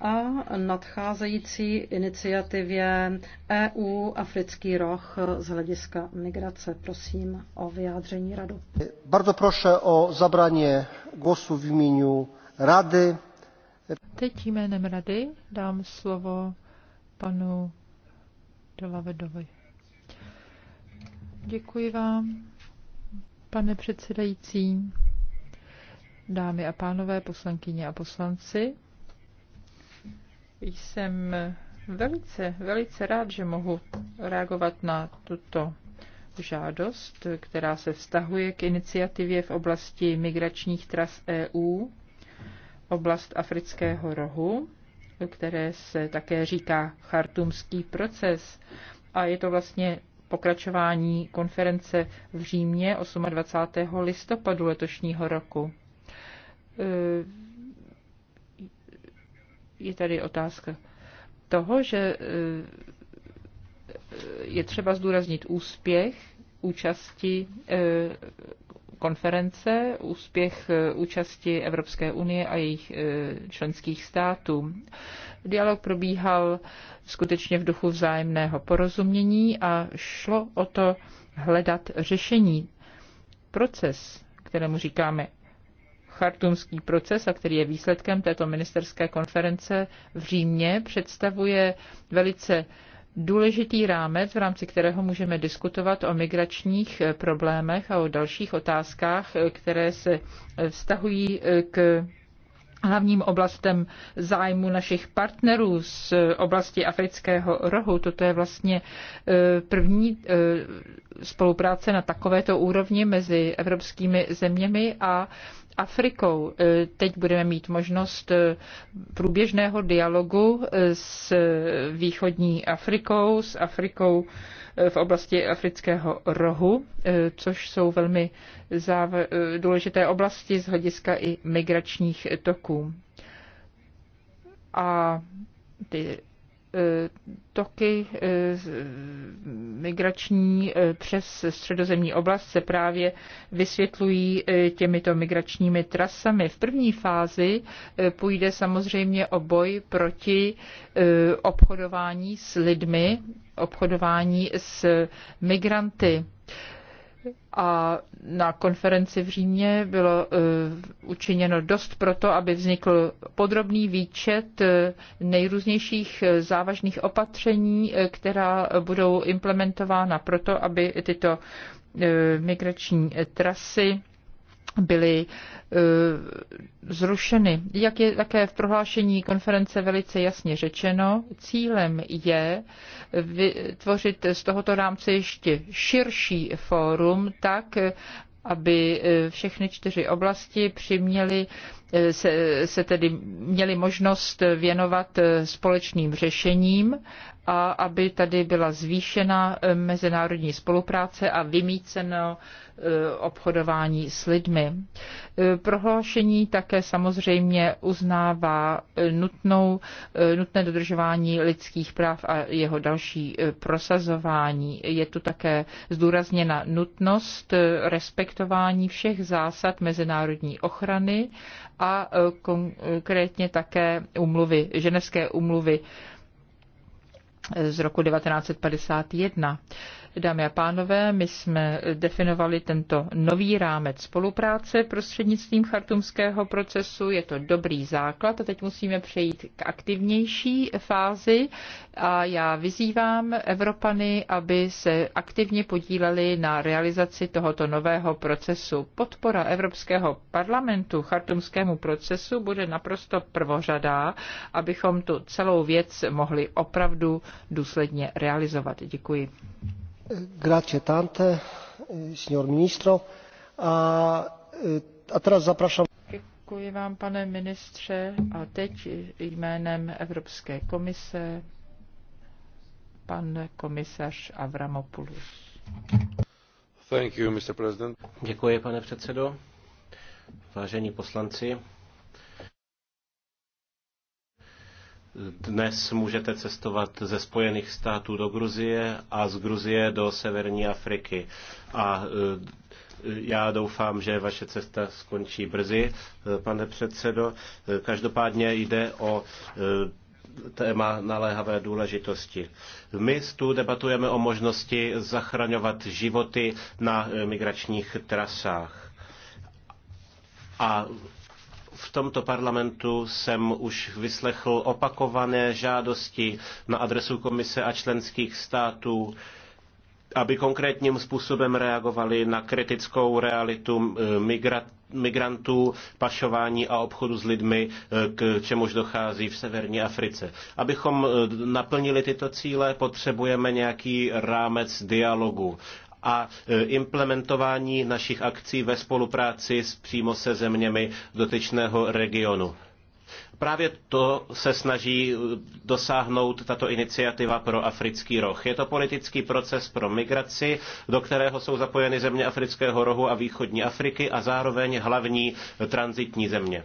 a nadcházející iniciativě EU Africký roh z hlediska migrace. Prosím o vyjádření radu. Bardzo proszę o zabranie głosu w imieniu Rady. Teď jménem Rady dám slovo panu Delavedovi. Děkuji vám, pane předsedající, dámy a pánové, poslankyně a poslanci. Jsem velice, velice rád, že mohu reagovat na tuto žádost, která se vztahuje k iniciativě v oblasti migračních tras EU, oblast Afrického rohu, které se také říká chartumský proces. A je to vlastně pokračování konference v Římě 28. listopadu letošního roku je tady otázka toho, že e, e, je třeba zdůraznit úspěch účasti e, konference, úspěch účasti Evropské unie a jejich členských států. Dialog probíhal skutečně v duchu vzájemného porozumění a šlo o to hledat řešení. Proces, kterému říkáme chartumský proces, a který je výsledkem této ministerské konference v Římě, představuje velice důležitý rámec, v rámci kterého můžeme diskutovat o migračních eh, problémech a o dalších otázkách, eh, které se eh, vztahují k hlavním oblastem zájmu našich partnerů z oblasti afrického rohu. Toto je vlastně první spolupráce na takovéto úrovni mezi evropskými zeměmi a Afrikou. E, teď budeme mít možnost e, průběžného dialogu e, s východní Afrikou, s Afrikou v oblasti afrického rohu, což jsou velmi důležité oblasti z hlediska i migračních toků. A ty E, toky e, migrační e, přes středozemní oblast se právě vysvětlují těmito migračními trasami. V první fázi půjde samozřejmě o boj proti obchodování s lidmi, obchodování s migranty a na konferenci v Římě bylo eh, učiněno dost proto, aby vznikl podrobný výčet eh, nejrůznějších eh, závažných opatření, která budou implementována proto, aby tyto migrační trasy byly e, zrušeny. Jak je také v prohlášení konference velice jasně řečeno, cílem je vytvořit z tohoto rámce ještě širší fórum tak, aby e, všechny čtyři oblasti přiměly Eh, se, se tedy měli možnost věnovat eh, společným řešením a aby tady byla zvýšena eh, mezinárodní spolupráce a vymíceno obchodování s lidmi. Prohlášení také samozřejmě uznává nutnou, nutné dodržování lidských práv a jeho další prosazování. Je tu také zdůrazněna nutnost respektování všech zásad mezinárodní ochrany a e, konkrétně také umluvy, ženevské umluvy z roku 1951. Dámy a pánové, my jsme definovali tento nový rámec spolupráce prostřednictvím chartumského procesu. Je to dobrý základ a teď musíme přejít k aktivnější fázi a já vyzývám Evropany, aby se aktivně podíleli na realizaci tohoto nového procesu. Podpora Evropského parlamentu chartumskému procesu bude naprosto prvořadá, abychom tu celou věc mohli opravdu důsledně realizovat. Děkuji tante, eh, ministro. A, eh, a Děkuji vám, pane ministře. A teď jménem Evropské komise pan komisař Avramopoulos. Thank you, Mr. President. Děkuji, pane předsedo. Vážení poslanci, Dnes můžete cestovat ze Spojených států do Gruzie a z Gruzie do Severní Afriky. A e, já doufám, že vaše cesta skončí brzy, e, pane předsedo. E, každopádně jde o téma naléhavé důležitosti. My tu debatujeme o možnosti zachraňovat životy na migračních trasách. A v tomto parlamentu jsem už vyslechl opakované žádosti na adresu komise a členských států, aby konkrétním způsobem reagovali na kritickou realitu migrantů, pašování a obchodu s lidmi, e, k čemuž dochází v severní Africe. Abychom e, naplnili tyto cíle, potřebujeme nějaký rámec dialogu a e, implementování našich akcí ve spolupráci s přímo se zeměmi dotyčného regionu. Právě to se snaží e, dosáhnout tato iniciativa pro africký roh. Je to politický proces pro migraci, do kterého jsou zapojeny země afrického rohu a východní Afriky a zároveň hlavní transitní země.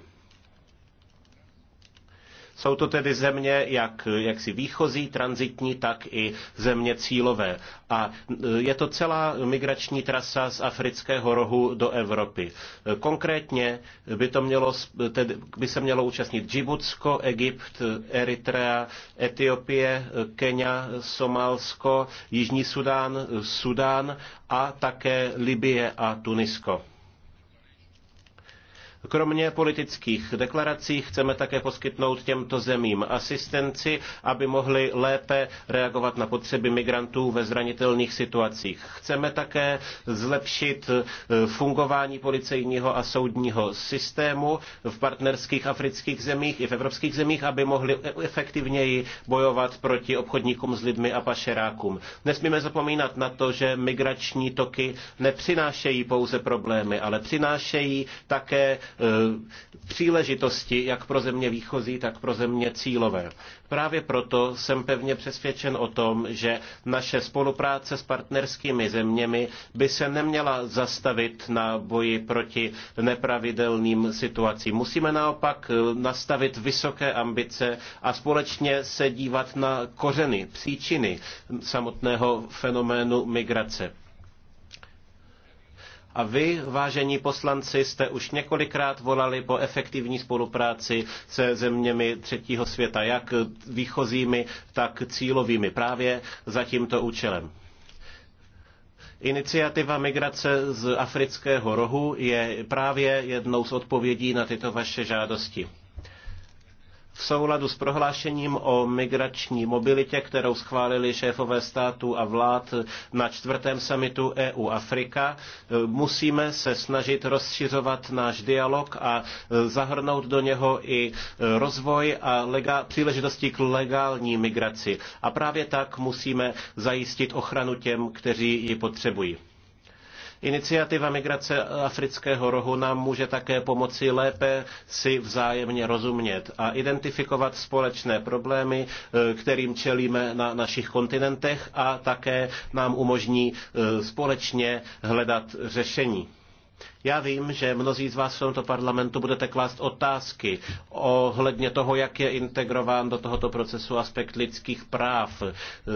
Jsou to tedy země jak, jak si výchozí, transitní, tak i země cílové. A e, je to celá migrační trasa z afrického rohu do Evropy. E, konkrétně by, to mělo, tedy by se mělo účastnit Džibutsko, Egypt, Eritrea, Etiopie, Kenya, Somálsko, Jižní Sudán, Sudán a také Libie a Tunisko. Kromě politických deklarací chceme také poskytnout těmto zemím asistenci, aby mohli lépe reagovat na potřeby migrantů ve zranitelných situacích. Chceme také zlepšit eh, fungování policejního a soudního systému v partnerských afrických zemích i v evropských zemích, aby mohli efektivněji bojovat proti obchodníkům s lidmi a pašerákům. Nesmíme zapomínat na to, že migrační toky nepřinášejí pouze problémy, ale přinášejí také Eh, příležitosti jak pro země výchozí, tak pro země cílové. Právě proto jsem pevně přesvědčen o tom, že naše spolupráce s partnerskými zeměmi by se neměla zastavit na boji proti nepravidelným situacím. Musíme naopak eh, nastavit vysoké ambice a společně se dívat na kořeny, příčiny samotného fenoménu migrace. A vy, vážení poslanci, jste už několikrát volali po efektivní spolupráci se zeměmi třetího světa, jak výchozími, tak cílovými, právě za tímto účelem. Iniciativa migrace z afrického rohu je právě jednou z odpovědí na tyto vaše žádosti v souladu s prohlášením o migrační mobilitě, kterou schválili šéfové států a vlád na čtvrtém samitu EU-Afrika, musíme se snažit rozšiřovat náš dialog a zahrnout do něho i rozvoj a lega- příležitosti k legální migraci. A právě tak musíme zajistit ochranu těm, kteří ji potřebují. Iniciativa migrace afrického rohu nám může také pomoci lépe si vzájemně rozumět a identifikovat společné problémy, eh, kterým čelíme na našich kontinentech a také nám umožní eh, společně hledat řešení. Já vím, že mnozí z vás v tomto parlamentu budete klást otázky ohledně toho, jak je integrován do tohoto procesu aspekt lidských práv,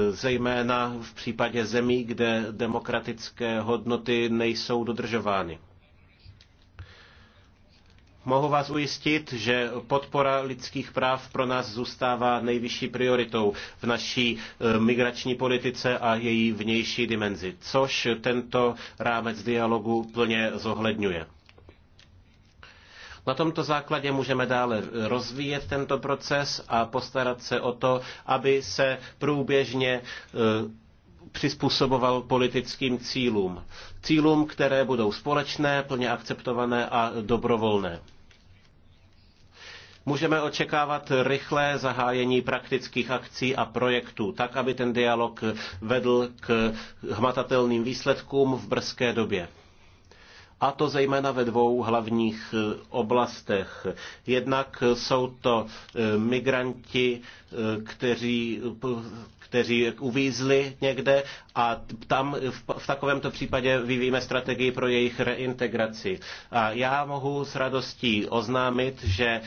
zejména v případě zemí, kde demokratické hodnoty nejsou dodržovány. Mohu vás ujistit, že podpora lidských práv pro nás zůstává nejvyšší prioritou v naší eh, migrační politice a její vnější dimenzi, což tento rámec dialogu plně zohledňuje. Na tomto základě můžeme dále rozvíjet tento proces a postarat se o to, aby se průběžně eh, přizpůsoboval politickým cílům. Cílům, které budou společné, plně akceptované a dobrovolné. Můžeme očekávat rychlé zahájení praktických akcí a projektů, tak aby ten dialog vedl k hmatatelným výsledkům v brzké době. A to zejména ve dvou hlavních eh, oblastech. Jednak jsou to eh, migranti, eh, kteří kteří uvízli někde a tam v, v takovémto případě vyvíjíme strategii pro jejich reintegraci. A já mohu s radostí oznámit, že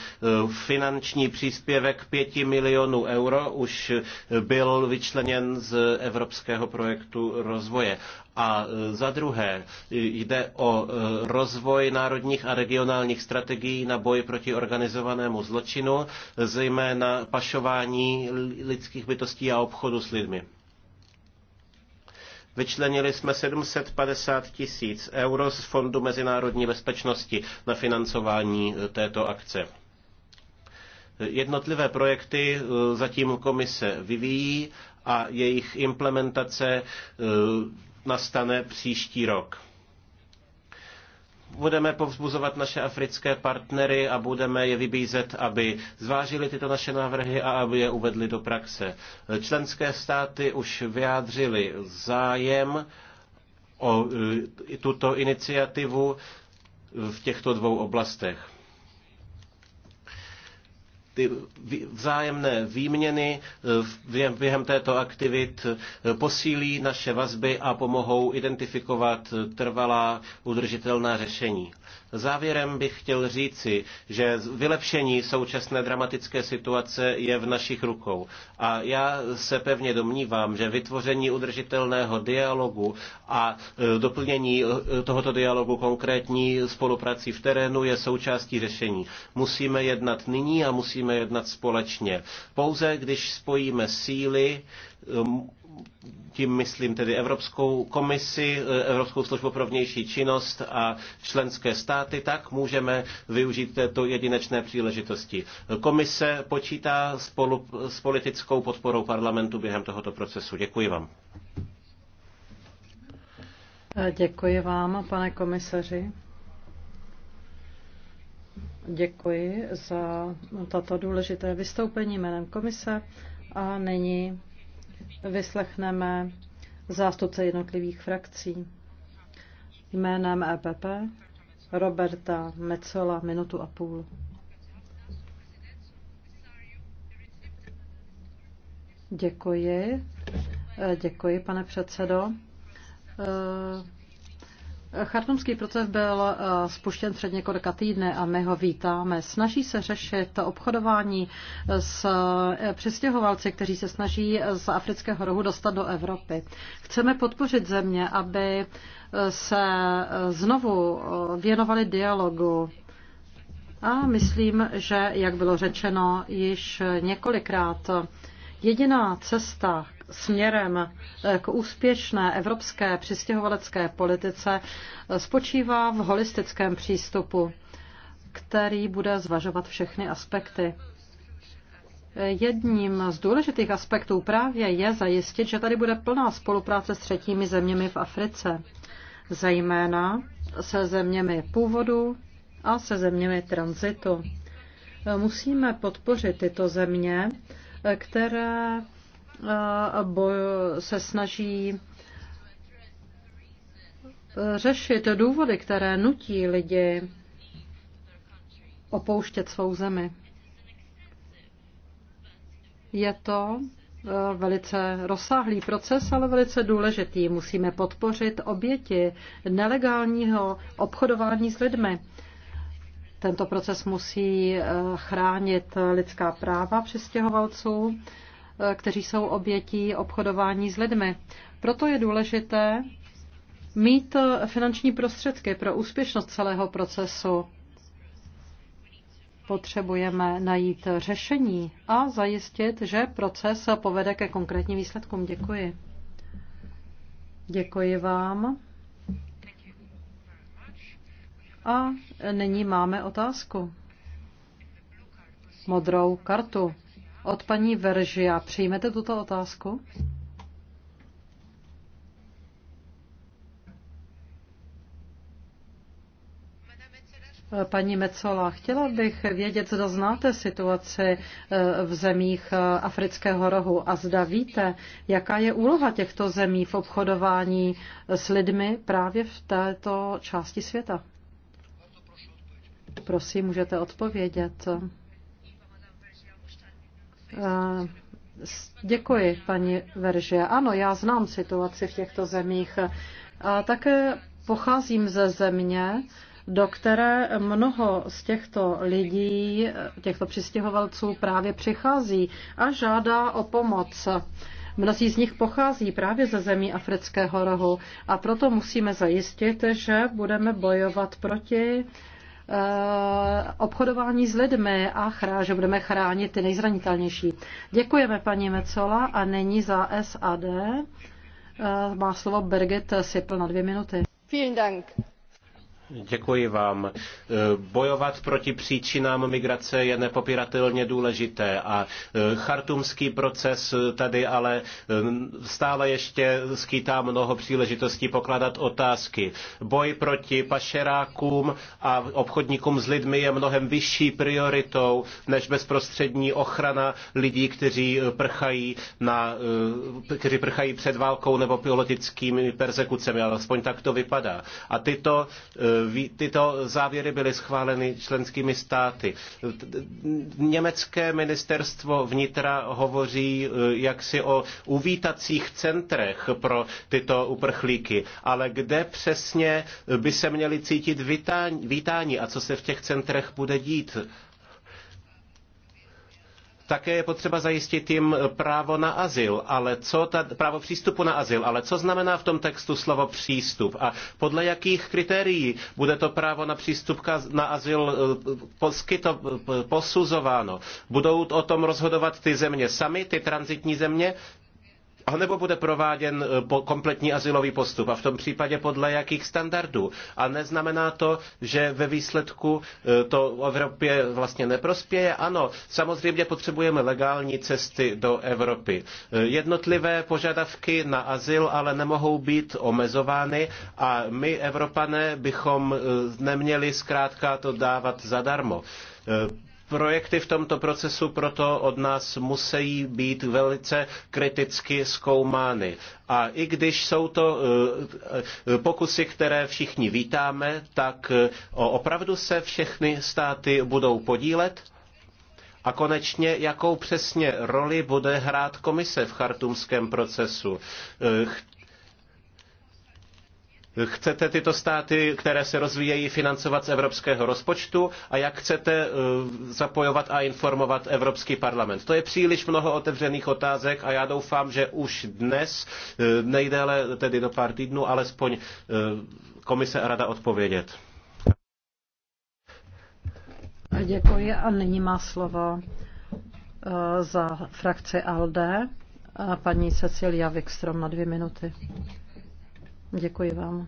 finanční příspěvek 5 milionů euro už byl vyčleněn z evropského projektu rozvoje. A e, za druhé e, jde o e, rozvoj národních a regionálních strategií na boj proti organizovanému zločinu, zejména pašování lidských bytostí a obchodu s lidmi. Vyčlenili jsme 750 tisíc euro z Fondu mezinárodní bezpečnosti na financování této akce. Jednotlivé projekty zatím komise vyvíjí a jejich implementace nastane příští rok. Budeme povzbuzovat naše africké partnery a budeme je vybízet, aby zvážili tyto naše návrhy a aby je uvedli do praxe. Členské státy už vyjádřili zájem o e, tuto iniciativu v těchto dvou oblastech ty vzájemné výměny eh, během této aktivit eh, posílí naše vazby a pomohou identifikovat eh, trvalá udržitelná řešení. Závěrem bych chtěl říci, že vylepšení současné dramatické situace je v našich rukou. A já se pevně domnívám, že vytvoření udržitelného dialogu a e, doplnění e, tohoto dialogu konkrétní spoluprací v terénu je součástí řešení. Musíme jednat nyní a musíme jednat společně. Pouze když spojíme síly, tím myslím tedy Evropskou komisi, eh, Evropskou službu pro vnější činnost a členské státy, tak můžeme využít této jedinečné příležitosti. Komise počítá spolu s politickou podporou parlamentu během tohoto procesu. Děkuji vám. Eh, děkuji vám, pane komisaři. Děkuji za tato důležité vystoupení jménem komise a nyní vyslechneme zástupce jednotlivých frakcí. Jménem EPP Roberta Mecola minutu a půl. Děkuji. E, děkuji, pane předsedo. E, Chartumský proces byl eh, spuštěn před několika týdny a my ho vítáme. Snaží se řešit obchodování s eh, přistěhovalci, kteří se snaží z afrického rohu dostat do Evropy. Chceme podpořit země, aby eh, se znovu věnovali dialogu. A myslím, že, jak bylo řečeno již několikrát, jediná cesta směrem k úspěšné evropské přistěhovalecké politice spočívá v holistickém přístupu, který bude zvažovat všechny aspekty. Jedním z důležitých aspektů právě je zajistit, že tady bude plná spolupráce s třetími zeměmi v Africe, zejména se zeměmi původu a se zeměmi tranzitu. Musíme podpořit tyto země, které se snaží eh, řešit důvody, které nutí lidi opouštět svou zemi. Je to eh, velice rozsáhlý proces, ale velice důležitý. Musíme podpořit oběti nelegálního obchodování s lidmi. Tento proces musí eh, chránit lidská práva přistěhovalců kteří jsou obětí obchodování s lidmi. Proto je důležité mít finanční prostředky pro úspěšnost celého procesu. Potřebujeme najít řešení a zajistit, že proces povede ke konkrétním výsledkům. Děkuji. Děkuji vám. A nyní máme otázku. Modrou kartu od paní Veržia. Přijmete tuto otázku? Paní Mecola, chtěla bych vědět, zda znáte situaci e, v zemích e, Afrického rohu a zda víte, jaká je úloha těchto zemí v obchodování e, s lidmi právě v této části světa. Prosím, můžete odpovědět. Eh, děkuji, paní Verže. Ano, já znám situaci v těchto zemích. A také pocházím ze země, do které mnoho z těchto lidí, těchto přistěhovalců právě přichází a žádá o pomoc. Mnozí z nich pochází právě ze zemí Afrického rohu a proto musíme zajistit, že budeme bojovat proti Eh, obchodování s lidmi a chrá, že budeme chránit ty nejzranitelnější. Děkujeme paní Mecola a není za SAD. Eh, má slovo Birgit Sipl na dvě minuty. Vielen Dank. Děkuji vám. E, bojovat proti příčinám migrace je nepopiratelně důležité a e, chartumský proces tady ale e, stále ještě skýtá mnoho příležitostí pokládat otázky. Boj proti pašerákům a obchodníkům s lidmi je mnohem vyšší prioritou než bezprostřední ochrana lidí, kteří prchají, na, kteří prchají před válkou nebo politickými persekucemi, alespoň tak to vypadá. A tyto Tyto závěry byly schváleny členskými státy. Německé ministerstvo vnitra hovoří eh, jaksi o uvítacích centrech pro tyto uprchlíky, ale kde přesně by se měli cítit vítání a co se v těch centrech bude dít? Také je potřeba zajistit jim právo na azyl, ale co ta, právo přístupu na azyl, ale co znamená v tom textu slovo přístup a podle jakých kritérií bude to právo na přístup na azyl eh, poskyto, eh, posuzováno? Budou o tom rozhodovat ty země sami, ty transitní země? A nebo bude prováděn eh, kompletní asilový postup a v tom případě podle jakých standardů. A neznamená to, že ve výsledku eh, to Evropě vlastně neprospěje. Ano, samozřejmě potřebujeme legální cesty do Evropy. Eh, jednotlivé požadavky na azyl ale nemohou být omezovány a my, Evropané, bychom neměli zkrátka to dávat zadarmo Projekty v tomto procesu proto od nás musí být velice kriticky zkoumány. A i když jsou to eh, pokusy, které všichni vítáme, tak eh, opravdu se všechny státy budou podílet? A konečně, jakou přesně roli bude hrát komise v chartumském procesu? Eh, chcete tyto státy, které se rozvíjejí, financovat z evropského rozpočtu a jak chcete eh, zapojovat a informovat Evropský parlament. To je příliš mnoho otevřených otázek a já doufám, že už dnes, eh, nejdéle tedy do pár týdnů, alespoň eh, komise a rada odpovědět. Děkuji a nyní má slovo za frakci ALDE paní Cecilia Wikstrom na dvě minuty. Děkuji vám.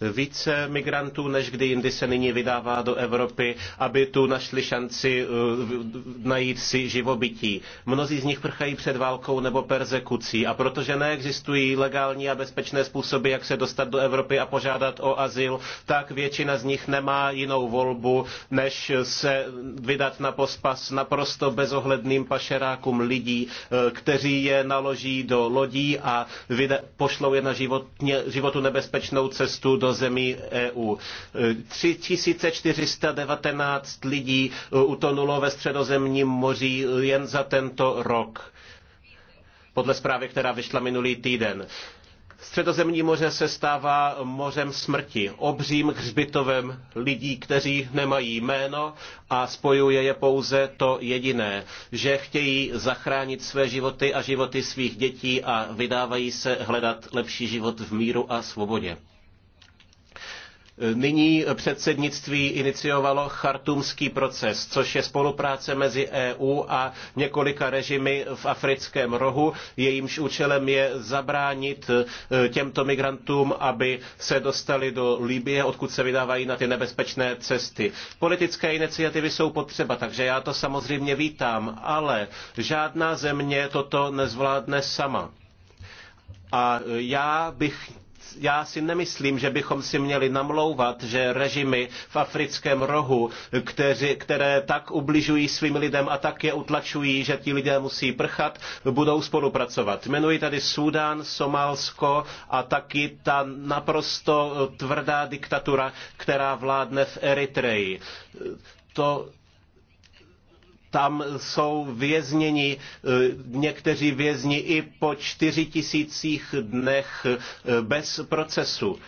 Více migrantů, než kdy jindy se nyní vydává do Evropy, aby tu našli šanci eh, najít si živobytí. Mnozí z nich prchají před válkou nebo persekucí a protože neexistují legální a bezpečné způsoby, jak se dostat do Evropy a požádat o azyl, tak většina z nich nemá jinou volbu, než se vydat na pospas naprosto bezohledným pašerákům lidí, eh, kteří je naloží do lodí a pošlou je na životně, životu nebezpečnou cestu do do zemí EU. 3419 lidí e, utonulo ve středozemním moři jen za tento rok podle zprávy, která vyšla minulý týden. Středozemní moře se stává mořem smrti, obřím hřbitovem lidí, kteří nemají jméno a spojuje je pouze to jediné, že chtějí zachránit své životy a životy svých dětí a vydávají se hledat lepší život v míru a svobodě. Nyní předsednictví iniciovalo chartumský proces, což je spolupráce mezi EU a několika režimy v africkém rohu. Jejímž účelem je zabránit e, těmto migrantům, aby se dostali do Libye, odkud se vydávají na ty nebezpečné cesty. Politické iniciativy jsou potřeba, takže já to samozřejmě vítám, ale žádná země toto nezvládne sama. A já bych já si nemyslím, že bychom si měli namlouvat, že režimy v africkém rohu, kteři, které tak ubližují svým lidem a tak je utlačují, že ti lidé musí prchat, budou spolupracovat. Jmenuji tady Súdán, Somálsko a taky ta naprosto tvrdá diktatura, která vládne v Eritreji. To tam jsou vězněni eh, někteří vězni i po čtyři tisících dnech eh, bez procesu.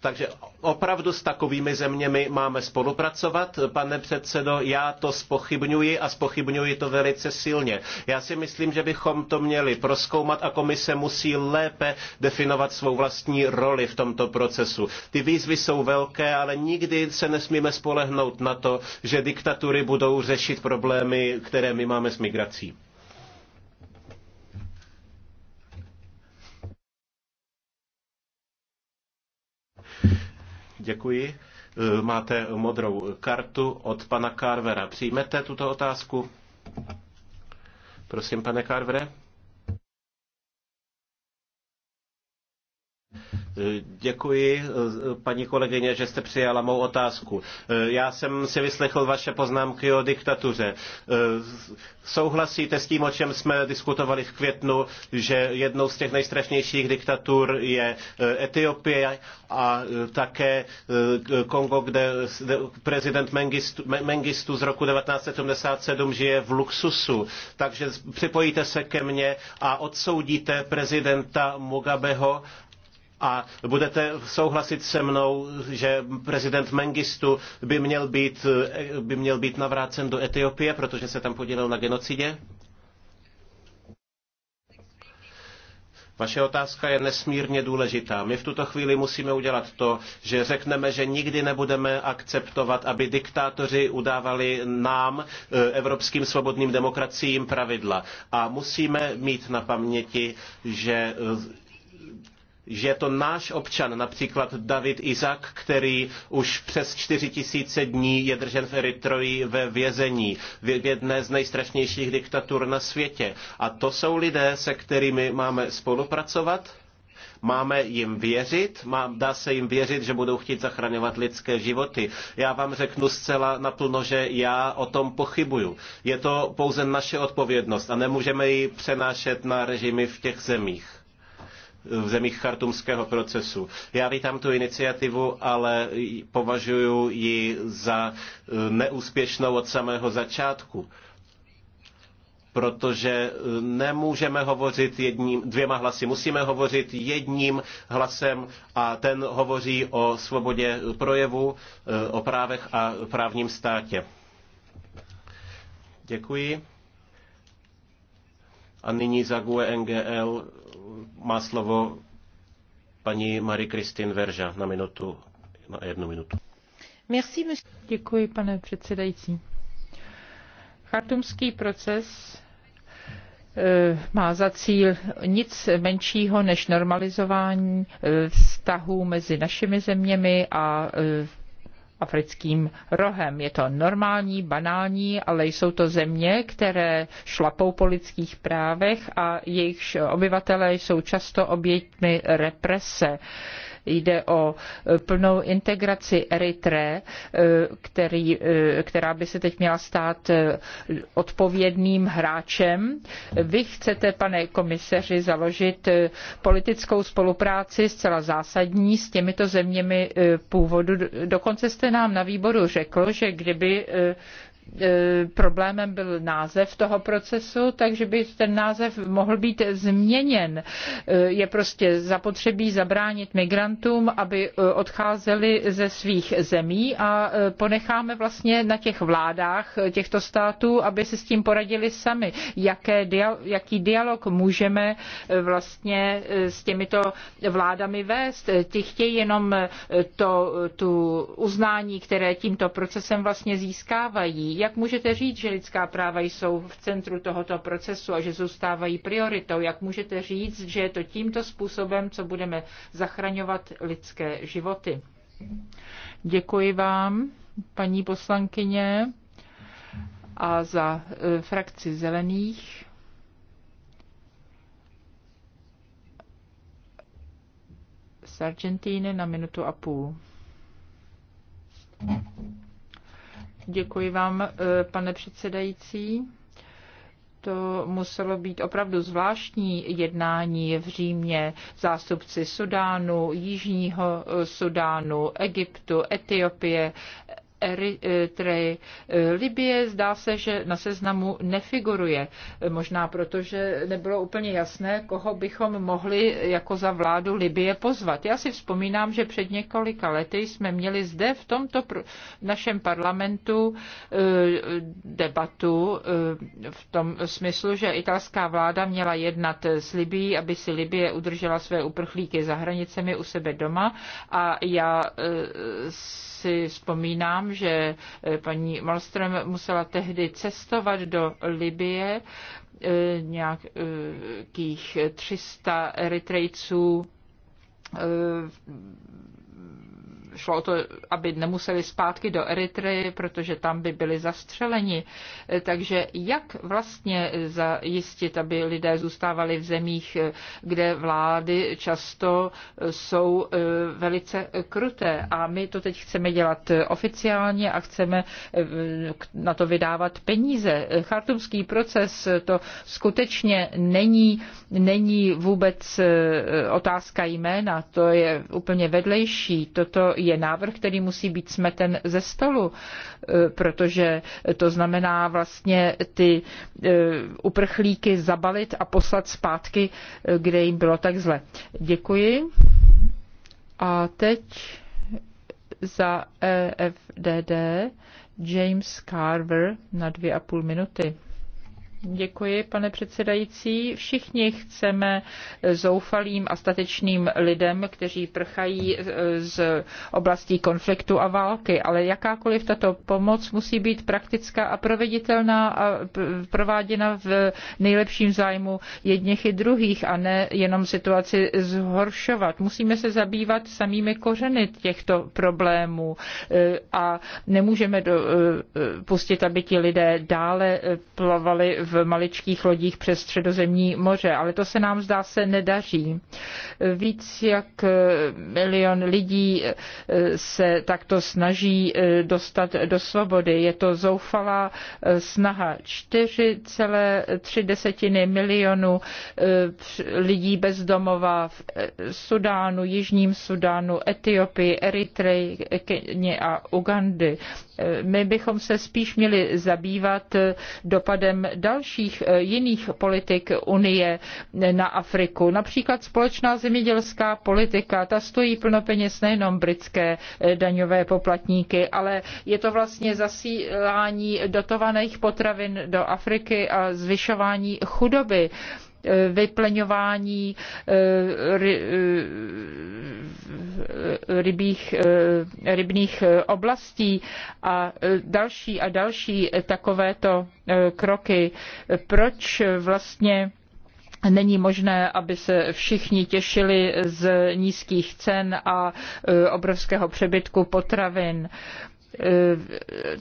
Takže opravdu s takovými zeměmi máme spolupracovat. Pane předsedo, já to spochybňuji a spochybňuji to velice silně. Já si myslím, že bychom to měli prozkoumat a komise musí lépe definovat svou vlastní roli v tomto procesu. Ty výzvy jsou velké, ale nikdy se nesmíme spolehnout na to, že diktatury budou řešit problémy, které my máme s migrací. Děkuji. Eh, máte modrou kartu od pana Carvera. Přijmete tuto otázku? Prosím, pane Carvere. Děkuji, eh, paní kolegyně, že jste přijala mou otázku. Eh, já jsem si vyslechl vaše poznámky o diktatuře. Eh, souhlasíte s tím, o čem jsme diskutovali v květnu, že jednou z těch nejstrašnějších diktatur je Etiopie a také Kongo, kde prezident Mengistu, Mengistu z roku 1977 žije v luxusu. Takže připojíte se ke mně a odsoudíte prezidenta Mugabeho a budete souhlasit se mnou, že prezident Mengistu by měl být, by měl být navrácen do Etiopie, protože se tam podílel na genocidě? Vaše otázka je nesmírně důležitá. My v tuto chvíli musíme udělat to, že řekneme, že nikdy nebudeme akceptovat, aby diktátoři udávali nám, eh, evropským svobodným demokraciím, pravidla. A musíme mít na paměti, že eh, že je to náš občan, například David Izak, který už přes 4 tisíce dní je držen v Eritreji ve vězení, v jedné z nejstrašnějších diktatur na světě. A to jsou lidé, se kterými máme spolupracovat, máme jim věřit, má, dá se jim věřit, že budou chtít zachraňovat lidské životy. Já vám řeknu zcela naplno, že já o tom pochybuju. Je to pouze naše odpovědnost a nemůžeme ji přenášet na režimy v těch zemích v zemích chartumského procesu. Já vítám tu iniciativu, ale považuji ji za eh, neúspěšnou od samého začátku protože eh, nemůžeme hovořit jedním, dvěma hlasy. Musíme hovořit jedním hlasem a ten hovoří o svobodě projevu, eh, o právech a právním státě. Děkuji. A nyní za GUE NGL má slovo paní marie Kristin Verža na minutu, na jednu minutu. Merci, Děkuji, pane předsedající. Chartumský proces eh, má za cíl nic menšího než normalizování eh, vztahů mezi našimi zeměmi a eh, africkým rohem. Je to normální, banální, ale jsou to země, které šlapou po lidských právech a jejichž obyvatelé jsou často oběťmi represe. Jde o e, plnou integraci Eritre, e, který, e, která by se teď měla stát odpovědným hráčem. Vy chcete, pane komisaři, založit politickou spolupráci zcela zásadní s těmito zeměmi původu. Dokonce jste nám na výboru řekl, že kdyby E, problémem byl název toho procesu, takže by ten název mohl být změněn. E, je prostě zapotřebí zabránit migrantům, aby e, odcházeli ze svých zemí a ponecháme vlastně na těch vládách těchto států, aby si s tím poradili sami, jaké, jaký dialog můžeme vlastně s těmito vládami vést. Ti chtějí jenom to, tu uznání, které tímto procesem vlastně získávají jak můžete říct, že lidská práva jsou v centru tohoto procesu a že zůstávají prioritou? Jak můžete říct, že je to tímto způsobem, co budeme zachraňovat lidské životy? Děkuji vám, paní poslankyně, a za e, frakci zelených. z Argentíny na minutu a půl. Děkuji vám, eh, pane předsedající. To muselo být opravdu zvláštní jednání v Římě. Zástupci Sudánu, Jižního eh, Sudánu, Egyptu, Etiopie, Eritreji. Eh, Libie zdá se, že na seznamu nefiguruje. Eh, možná proto, že nebylo úplně jasné, koho bychom mohli jako za vládu Libie pozvat. Já si vzpomínám, že před několika lety jsme měli zde v tomto našem parlamentu eh, debatu v tom smyslu, že italská vláda měla jednat s Libií, aby si Libie udržela své uprchlíky za hranicemi u sebe doma. A já si vzpomínám, že eh, paní Malström musela tehdy cestovat do Libie, eh, nějakých 300 Eritrejců eh, šlo o to, aby nemuseli zpátky do Eritry, protože tam by byli zastřeleni. Takže jak vlastně zajistit, aby lidé zůstávali v zemích, kde vlády často jsou e, velice kruté. A my to teď chceme dělat oficiálně a chceme e, na to vydávat peníze. Chartumský proces e, to skutečně není, není vůbec otázka jména, to je úplně vedlejší. Toto je návrh, který musí být smeten ze stolu, e, protože to znamená vlastně ty e, uprchlíky zabalit a poslat zpátky, e, kde jim bylo tak zle. Děkuji. A teď za EFDD James Carver na dvě a půl minuty. Děkuji, pane předsedající. Všichni chceme zoufalým a statečným lidem, kteří prchají z oblastí konfliktu a války, ale jakákoliv tato pomoc musí být praktická a proveditelná a prováděna v nejlepším zájmu jedněch i druhých a ne jenom situaci zhoršovat. Musíme se zabývat samými kořeny těchto problémů eh, a nemůžeme eh, pustit, aby ti lidé dále eh, plavali v maličkých lodích přes středozemní moře, ale to se nám zdá se nedaří. Víc jak milion lidí eh, se takto snaží eh, dostat do svobody. Je to zoufalá eh, snaha 4,3 milionu lidí bez domova v Sudánu, Jižním Sudánu, Etiopii, Eritreji Keni a Ugandy. My bychom se spíš měli zabývat dopadem dalších dalších eh, jiných politik Unie na Afriku. Například společná zemědělská politika, ta stojí plno peněz nejenom britské eh, daňové poplatníky, ale je to vlastně zasílání dotovaných potravin do Afriky a zvyšování chudoby. Eh, vyplňování eh, eh, rybích, rybných oblastí a další a další takovéto kroky. Proč vlastně není možné, aby se všichni těšili z nízkých cen a obrovského přebytku potravin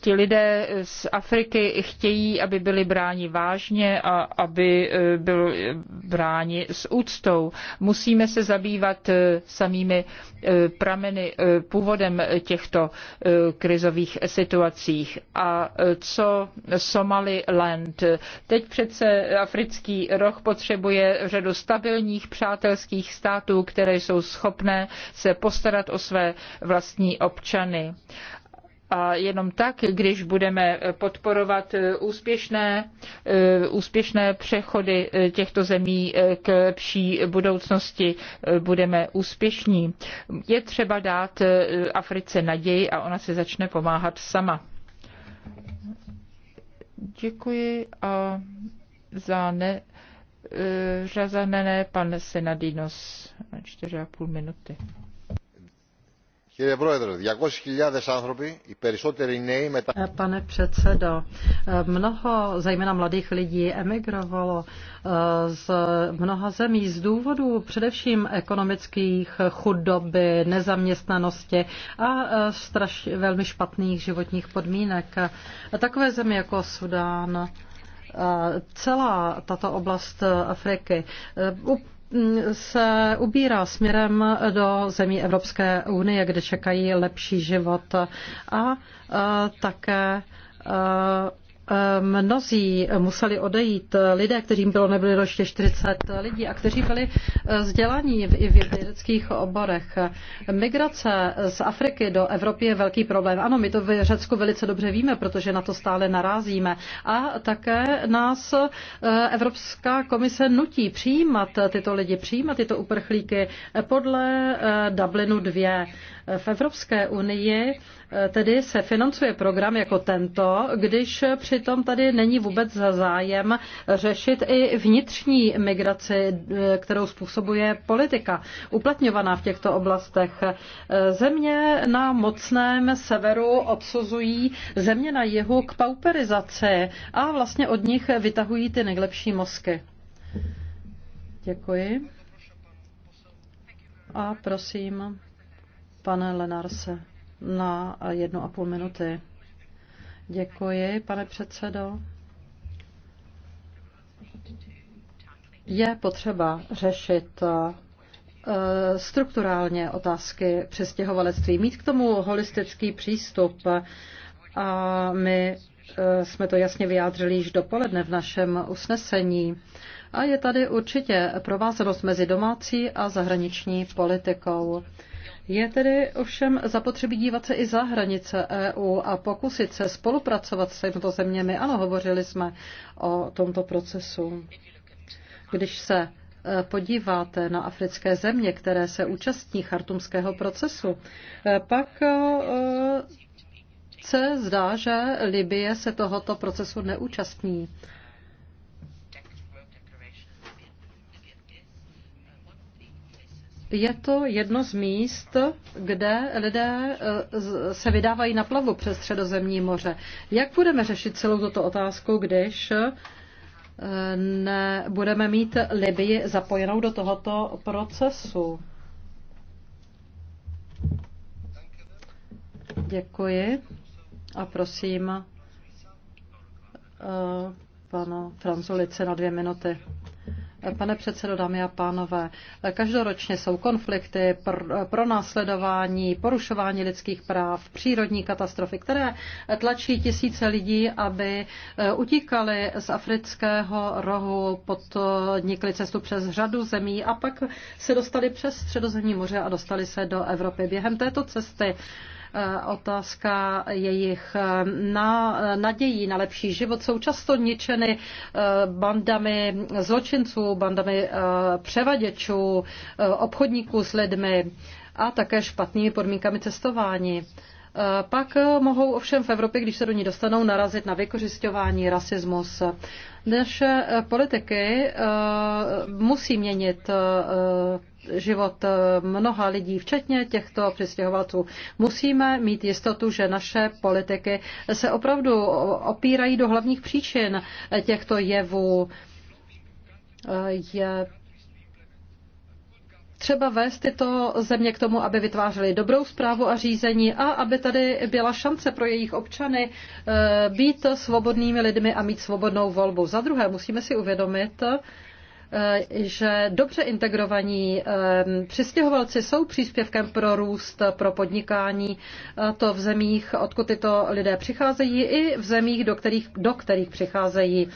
ti lidé z Afriky chtějí, aby byli bráni vážně a aby eh, byli bráni s úctou. Musíme se zabývat eh, samými eh, prameny, původem těchto krizových situacích. A co Somaliland? Teď přece africký roh potřebuje řadu stabilních přátelských států, které jsou schopné se postarat o své vlastní občany. A jenom tak, když budeme podporovat eh, úspěšné, eh, úspěšné přechody eh, těchto zemí k lepší budoucnosti, budeme úspěšní. Je třeba dát Africe naději a ona se začne pomáhat sama. Děkuji a za ne, řazané pan Senadinos na 4,5 minuty. Pane předsedo, mnoho, zejména mladých lidí, emigrovalo e, z mnoha zemí z důvodů především ekonomických chudoby, nezaměstnanosti a e, straš, velmi špatných životních podmínek. E, takové země jako Sudán, celá tato oblast Afriky se ubírá směrem do zemí Evropské unie, kde čekají lepší život a také mnozí museli odejít lidé, kterým bylo nebylo do 40 lidí a kteří byli eh, vzdělaní v, v vědeckých oborech. Migrace z Afriky do Evropy je velký problém. Ano, my to v Řecku velice dobře víme, protože na to stále narazíme. A také nás eh, Evropská komise nutí přijímat tyto lidi, přijímat tyto uprchlíky podle eh, Dublinu 2. V Evropské unii eh, tedy se financuje program jako tento, když přitom tady není vůbec za zájem řešit i vnitřní migraci, eh, kterou způsobuje politika uplatňovaná v těchto oblastech. Eh, země na mocném severu odsuzují země na jihu k pauperizaci a vlastně od nich vytahují ty nejlepší mozky. Děkuji. A prosím pane Lenarse, na jednu a půl minuty. Děkuji, pane předsedo. Je potřeba řešit eh, strukturálně otázky přestěhovalectví, mít k tomu holistický přístup. A my eh, jsme to jasně vyjádřili již dopoledne v našem usnesení. A je tady určitě provázanost mezi domácí a zahraniční politikou. Je tedy ovšem zapotřebí dívat se i za hranice EU a pokusit se spolupracovat s těmito zeměmi. Ano, hovořili jsme o tomto procesu. Když se e, podíváte na africké země, které se účastní chartumského procesu, e, pak e, se zdá, že Libie se tohoto procesu neúčastní. je to jedno z míst, kde lidé eh, se vydávají na plavu přes Středozemní moře. Jak budeme řešit celou tuto otázku, když eh, budeme mít Libii zapojenou do tohoto procesu? Děkuji a prosím eh, pana Franzulice na dvě minuty. Pane předsedo, dámy a pánové, každoročně jsou konflikty, pr- pronásledování, porušování lidských práv, přírodní katastrofy, které tlačí tisíce lidí, aby eh, utíkali z afrického rohu, podnikli cestu přes řadu zemí a pak se dostali přes Středozemní moře a dostali se do Evropy. Během této cesty Eh, otázka jejich eh, na, eh, nadějí na lepší život jsou často ničeny bandami zločinců, bandami převaděčů, obchodníků s lidmi a také špatnými podmínkami cestování. Eh, pak eh, mohou ovšem v Evropě, když se do ní dostanou, narazit na vykořišťování, rasismus. Naše eh, politiky musí měnit život mnoha lidí, včetně těchto přistěhovalců. Musíme mít jistotu, že naše politiky se opravdu opírají do hlavních příčin těchto jevů. Je třeba vést tyto země k tomu, aby vytvářely dobrou zprávu a řízení a aby tady byla šance pro jejich občany eh, být svobodnými lidmi a mít svobodnou volbu. Za druhé, musíme si uvědomit, eh, že dobře integrovaní eh, přistěhovalci jsou příspěvkem pro růst, pro podnikání, to v zemích, odkud tyto lidé přicházejí, i v zemích, do kterých, do kterých přicházejí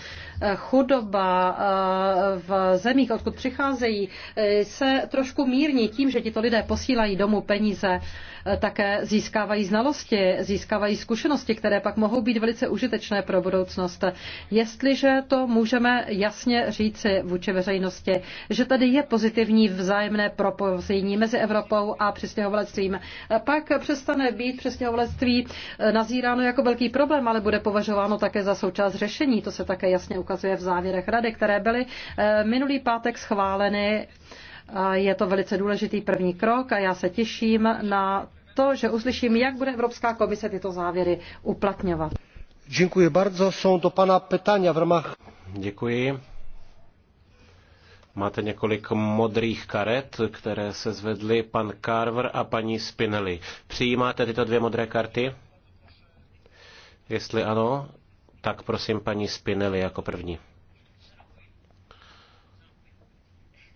chudoba eh, v zemích, odkud přicházejí, eh, se trošku mírní tím, že tito lidé posílají domů peníze, eh, také získávají znalosti, získávají zkušenosti, které pak mohou být velice užitečné pro budoucnost. Jestliže to můžeme jasně říci vůči veřejnosti, že tady je pozitivní vzájemné propojení mezi Evropou a přistěhovalectvím, pak přestane být přistěhovalectví nazíráno jako velký problém, ale bude považováno také za součást řešení. To se také jasně ukazuje ukazuje v závěrech rady, které byly eh, minulý pátek schváleny. Je to velice důležitý první krok a já se těším na to, že uslyším, jak bude Evropská komise tyto závěry uplatňovat. Děkuji bardzo. Jsou to pana pytania v rmach. Děkuji. Máte několik modrých karet, které se zvedly pan Carver a paní Spinelli. Přijímáte tyto dvě modré karty? Jestli ano, tak prosím paní Spinelli jako první.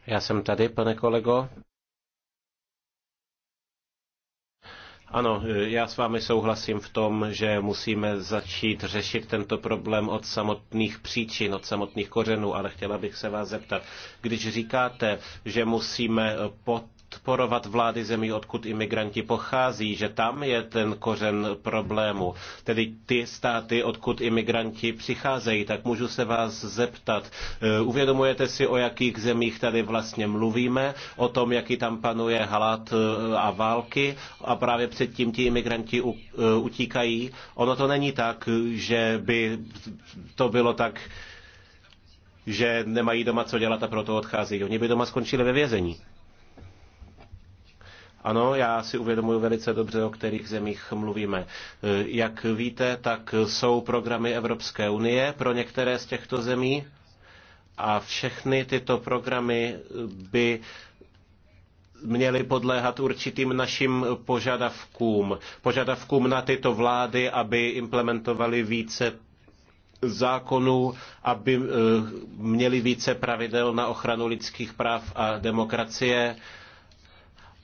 Já jsem tady, pane kolego. Ano, já s vámi souhlasím v tom, že musíme začít řešit tento problém od samotných příčin, od samotných kořenů, ale chtěla bych se vás zeptat, když říkáte, že musíme pod podporovat vlády zemí, odkud imigranti pochází, že tam je ten kořen problému, tedy ty státy, odkud imigranti přicházejí. Tak můžu se vás zeptat, eh, uvědomujete si, o jakých zemích tady vlastně mluvíme, o tom, jaký tam panuje hlad eh, a války a právě předtím ti imigranti eh, utíkají. Ono to není tak, že by to bylo tak, že nemají doma co dělat a proto odchází. Oni by doma skončili ve vězení. Ano, já si uvědomuji velice dobře, o kterých zemích mluvíme. E, jak víte, tak jsou programy Evropské unie pro některé z těchto zemí a všechny tyto programy e, by měly podléhat určitým našim požadavkům. Požadavkům na tyto vlády, aby implementovali více zákonů, aby e, měli více pravidel na ochranu lidských práv a demokracie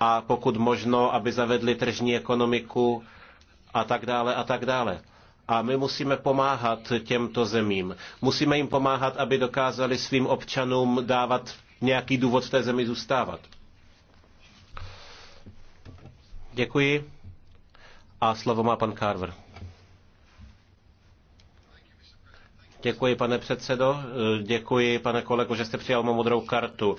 a pokud možno, aby zavedli tržní ekonomiku a tak dále a tak dále. A my musíme pomáhat těmto zemím. Musíme jim pomáhat, aby dokázali svým občanům dávat nějaký důvod v té zemi zůstávat. Děkuji. A slovo má pan Carver. Děkuji, pane předsedo. Děkuji, pane kolego, že jste přijal mou modrou kartu.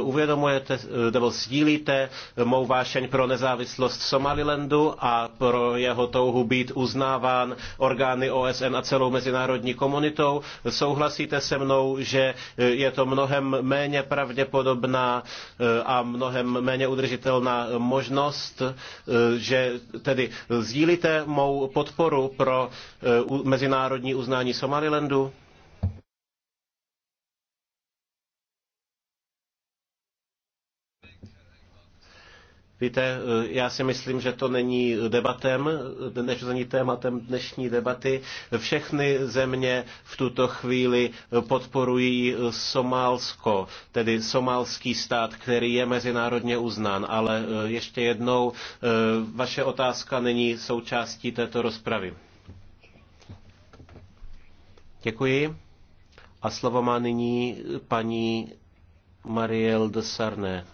Uvědomujete nebo sdílíte mou vášeň pro nezávislost Somalilandu a pro jeho touhu být uznáván orgány OSN a celou mezinárodní komunitou. Souhlasíte se mnou, že je to mnohem méně pravděpodobná eh, a mnohem méně udržitelná možnost, eh, že tedy sdílíte mou podporu pro eh, mezinárodní uznání Somalilandu? Víte, eh, já si myslím, že to není debatem, než není tématem dnešní debaty. Všechny země v tuto chvíli podporují Somálsko, tedy somálský stát, který je mezinárodně uznán. Ale eh, ještě jednou, eh, vaše otázka není součástí této rozpravy. Děkuji. A slovo má nyní paní Marielle de Sarnez.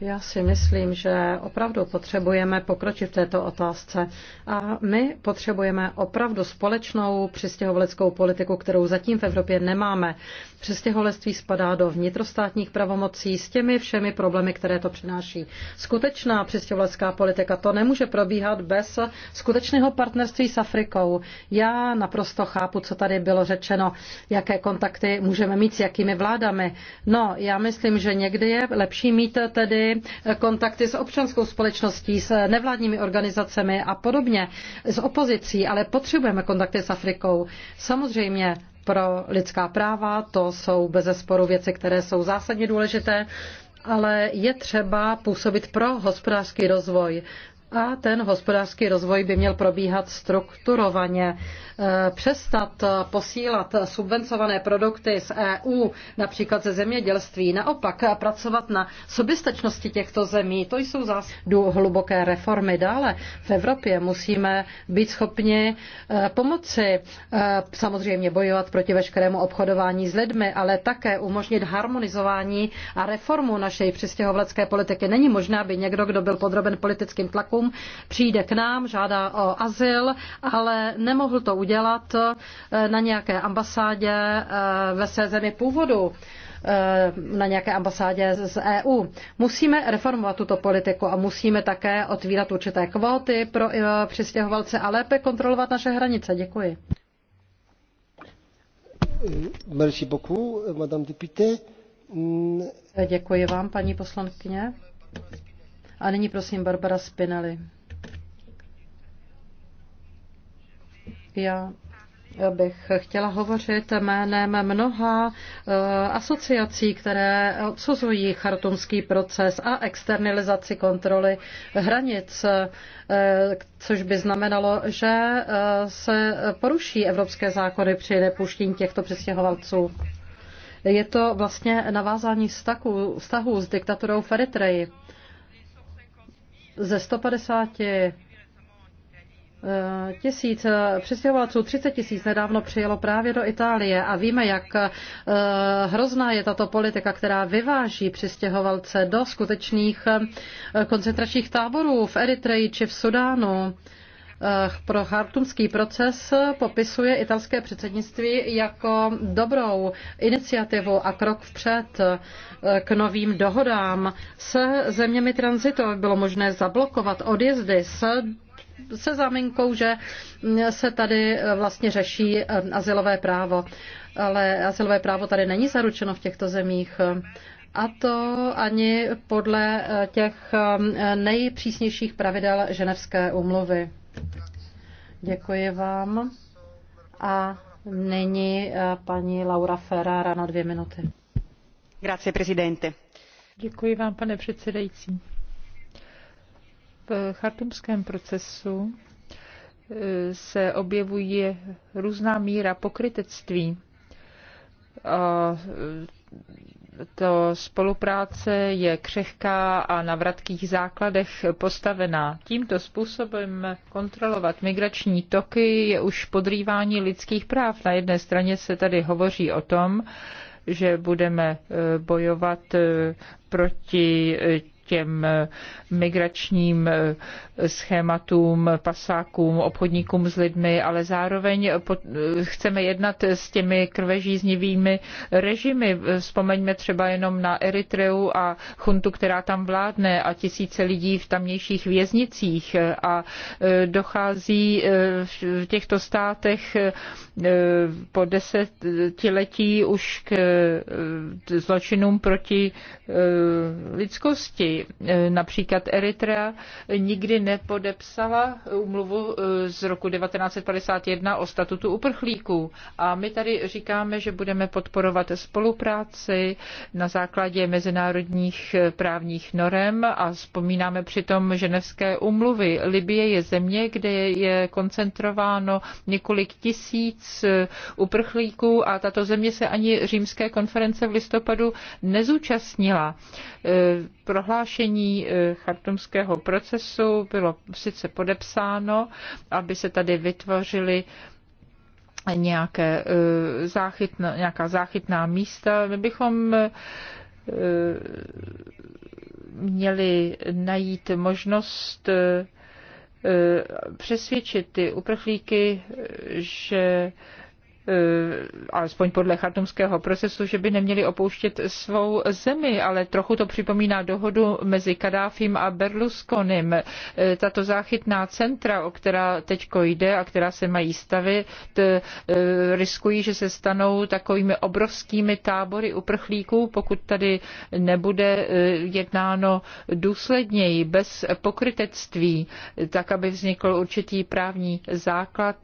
Já si myslím, že opravdu potřebujeme pokročit v této otázce a my potřebujeme opravdu společnou přistěhovaleckou politiku, kterou zatím v Evropě nemáme. Přistěhovalectví spadá do vnitrostátních pravomocí s těmi všemi problémy, které to přináší. Skutečná přistěhovalecká politika to nemůže probíhat bez skutečného partnerství s Afrikou. Já naprosto chápu, co tady bylo řečeno, jaké kontakty můžeme mít s jakými vládami. No, já myslím, že někdy je lepší mít tedy tady kontakty s občanskou společností, s nevládními organizacemi a podobně, s opozicí, ale potřebujeme kontakty s Afrikou. Samozřejmě pro lidská práva, to jsou bezesporu věci, které jsou zásadně důležité, ale je třeba působit pro hospodářský rozvoj. A ten hospodářský rozvoj by měl probíhat strukturovaně. E, přestat posílat subvencované produkty z EU, například ze zemědělství, naopak pracovat na soběstačnosti těchto zemí, to jsou zásadu hluboké reformy. Dále v Evropě musíme být schopni e, pomoci e, samozřejmě bojovat proti veškerému obchodování s lidmi, ale také umožnit harmonizování a reformu naší přistěhovalecké politiky. Není možné, aby někdo, kdo byl podroben politickým tlaku, uprchlíkům, přijde k nám, žádá o azyl, ale nemohl to udělat eh, na nějaké ambasádě eh, ve své zemi původu eh, na nějaké ambasádě z EU. Musíme reformovat tuto politiku a musíme také otvírat určité kvóty pro přistěhovalce a lépe kontrolovat naše hranice. Děkuji. Merci beaucoup, madame députée. Děkuji vám, paní poslankyně. A nyní prosím Barbara Spinelli. Já bych chtěla hovořit jménem mnoha eh, asociací, které odsuzují chartumský proces a externalizaci kontroly hranic, eh, což by znamenalo, že eh, se poruší evropské zákony při nepuštění těchto přestěhovalců. Je to vlastně navázání vztahů, s diktaturou Feritreji ze 150 eh, tisíc přistěhovalců, 30 tisíc nedávno přijelo právě do Itálie a víme, jak eh, hrozná je tato politika, která vyváží přistěhovalce do skutečných eh, koncentračních táborů v Eritreji či v Sudánu Eh, pro hartumský proces popisuje italské předsednictví jako dobrou iniciativu a krok vpřed eh, k novým dohodám se zeměmi tranzitu, aby bylo možné zablokovat odjezdy s se záminkou, že se tady eh, vlastně řeší asilové právo. Ale asilové právo tady není zaručeno v těchto zemích. A to ani podle těch nejpřísnějších pravidel Ženevské úmluvy. Děkuji vám. A nyní eh, paní Laura Ferrara na dvě minuty. Grazie, presidente. Děkuji vám, pane předsedající. V chartumském procesu eh, se objevuje různá míra pokrytectví. A tato spolupráce je křehká a na vratkých základech postavená. Tímto způsobem kontrolovat migrační toky je už podrývání lidských práv. Na jedné straně se tady hovoří o tom, že budeme eh, bojovat eh, proti eh, těm eh, migračním eh, schématům, pasákům, obchodníkům s lidmi, ale zároveň eh, chceme jednat s těmi krvežíznivými režimy. Vzpomeňme třeba jenom na Eritreu a chuntu, která tam vládne a tisíce lidí v tamnějších věznicích a dochází v těchto státech po desetiletí už k zločinům proti lidskosti Eh, například Eritrea nikdy nepodepsala úmluvu eh, z roku 1951 o statutu uprchlíků. A my tady říkáme, že budeme podporovat spolupráci na základě mezinárodních eh, právních norem a vzpomínáme přitom ženevské úmluvy. Libie je země, kde je koncentrováno několik tisíc uprchlíků a tato země se ani římské konference v listopadu nezúčastnila. Prohlášení prohlášení eh, chartumského procesu bylo sice podepsáno, aby se tady vytvořily nějaké, eh, záchytná, nějaká záchytná místa. My bychom eh, měli najít možnost přesvědčit ty uprchlíky, že Eh, alespoň podle chartumského procesu, že by neměli opouštět svou zemi, ale trochu to připomíná dohodu mezi Kadáfím a Berlusconim. Eh, tato záchytná centra, o která teď jde a která se mají stavit, eh, riskují, že se stanou takovými obrovskými tábory uprchlíků, pokud tady nebude jednáno důsledněji, bez pokrytectví, tak, aby vznikl určitý právní základ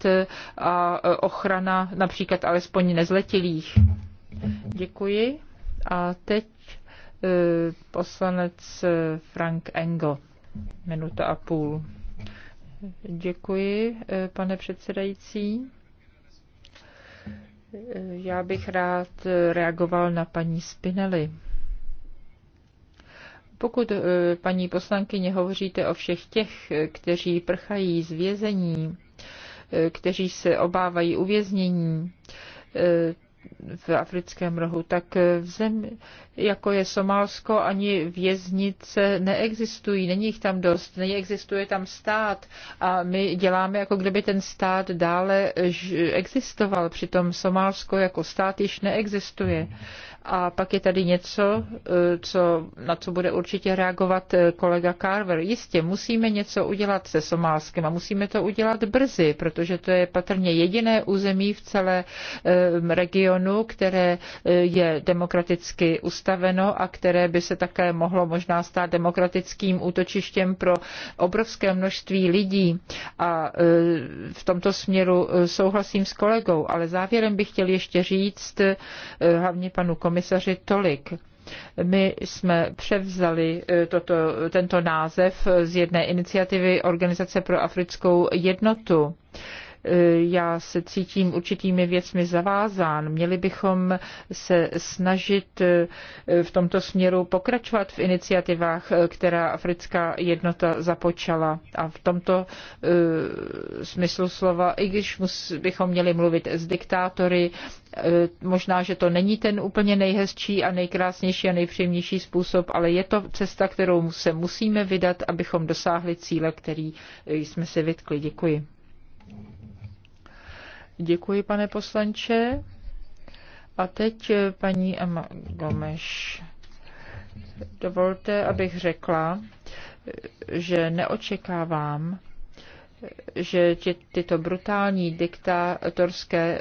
a ochrana například například alespoň nezletilých. Děkuji. A teď e, poslanec e, Frank Engel. Minuta a půl. Děkuji, e, pane předsedající. Já bych rád reagoval na paní Spinelli. Pokud, paní poslankyně, hovoříte o všech těch, kteří prchají z vězení, kteří se obávají uvěznění eh, v africkém rohu, tak v zemi, jako je Somálsko, ani věznice neexistují, není jich tam dost, neexistuje tam stát a my děláme, jako kdyby ten stát dále existoval, přitom Somálsko jako stát již neexistuje. A pak je tady něco, e, co, na co bude určitě reagovat e, kolega Carver. Jistě, musíme něco udělat se Somálskem a musíme to udělat brzy, protože to je patrně jediné území v celé e, regionu, které je demokraticky ustaveno a které by se také mohlo možná stát demokratickým útočištěm pro obrovské množství lidí. A v tomto směru souhlasím s kolegou, ale závěrem bych chtěl ještě říct hlavně panu komisaři, komisaři tolik. My jsme převzali eh, toto, tento název z jedné iniciativy Organizace pro africkou jednotu. E, já se cítím určitými věcmi zavázán. Měli bychom se snažit e, v tomto směru pokračovat v iniciativách, e, která africká jednota započala. A v tomto smyslu slova, i když bychom měli mluvit s diktátory, možná, že to není ten úplně nejhezčí a nejkrásnější a nejpříjemnější způsob, ale je to cesta, kterou se musíme vydat, abychom dosáhli cíle, který jsme si vytkli. Děkuji. Děkuji, pane poslanče. A teď eh, paní Emma Gomeš. Dovolte, abych řekla, eh, že neočekávám, eh, že tyto brutální diktátorské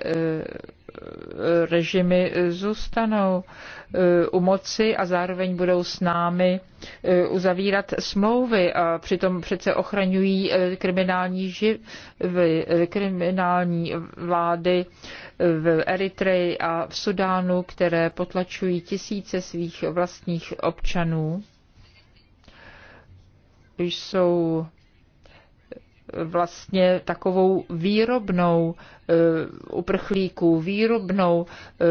režimy zůstanou eh, u moci a zároveň budou s námi eh, uzavírat smlouvy a přitom přece ochraňují eh, kriminální živy, kriminální vlády v Eritreji a v Sudánu, které potlačují tisíce svých vlastních občanů. Jsou vlastně takovou výrobnou eh, uprchlíků, výrobnou eh,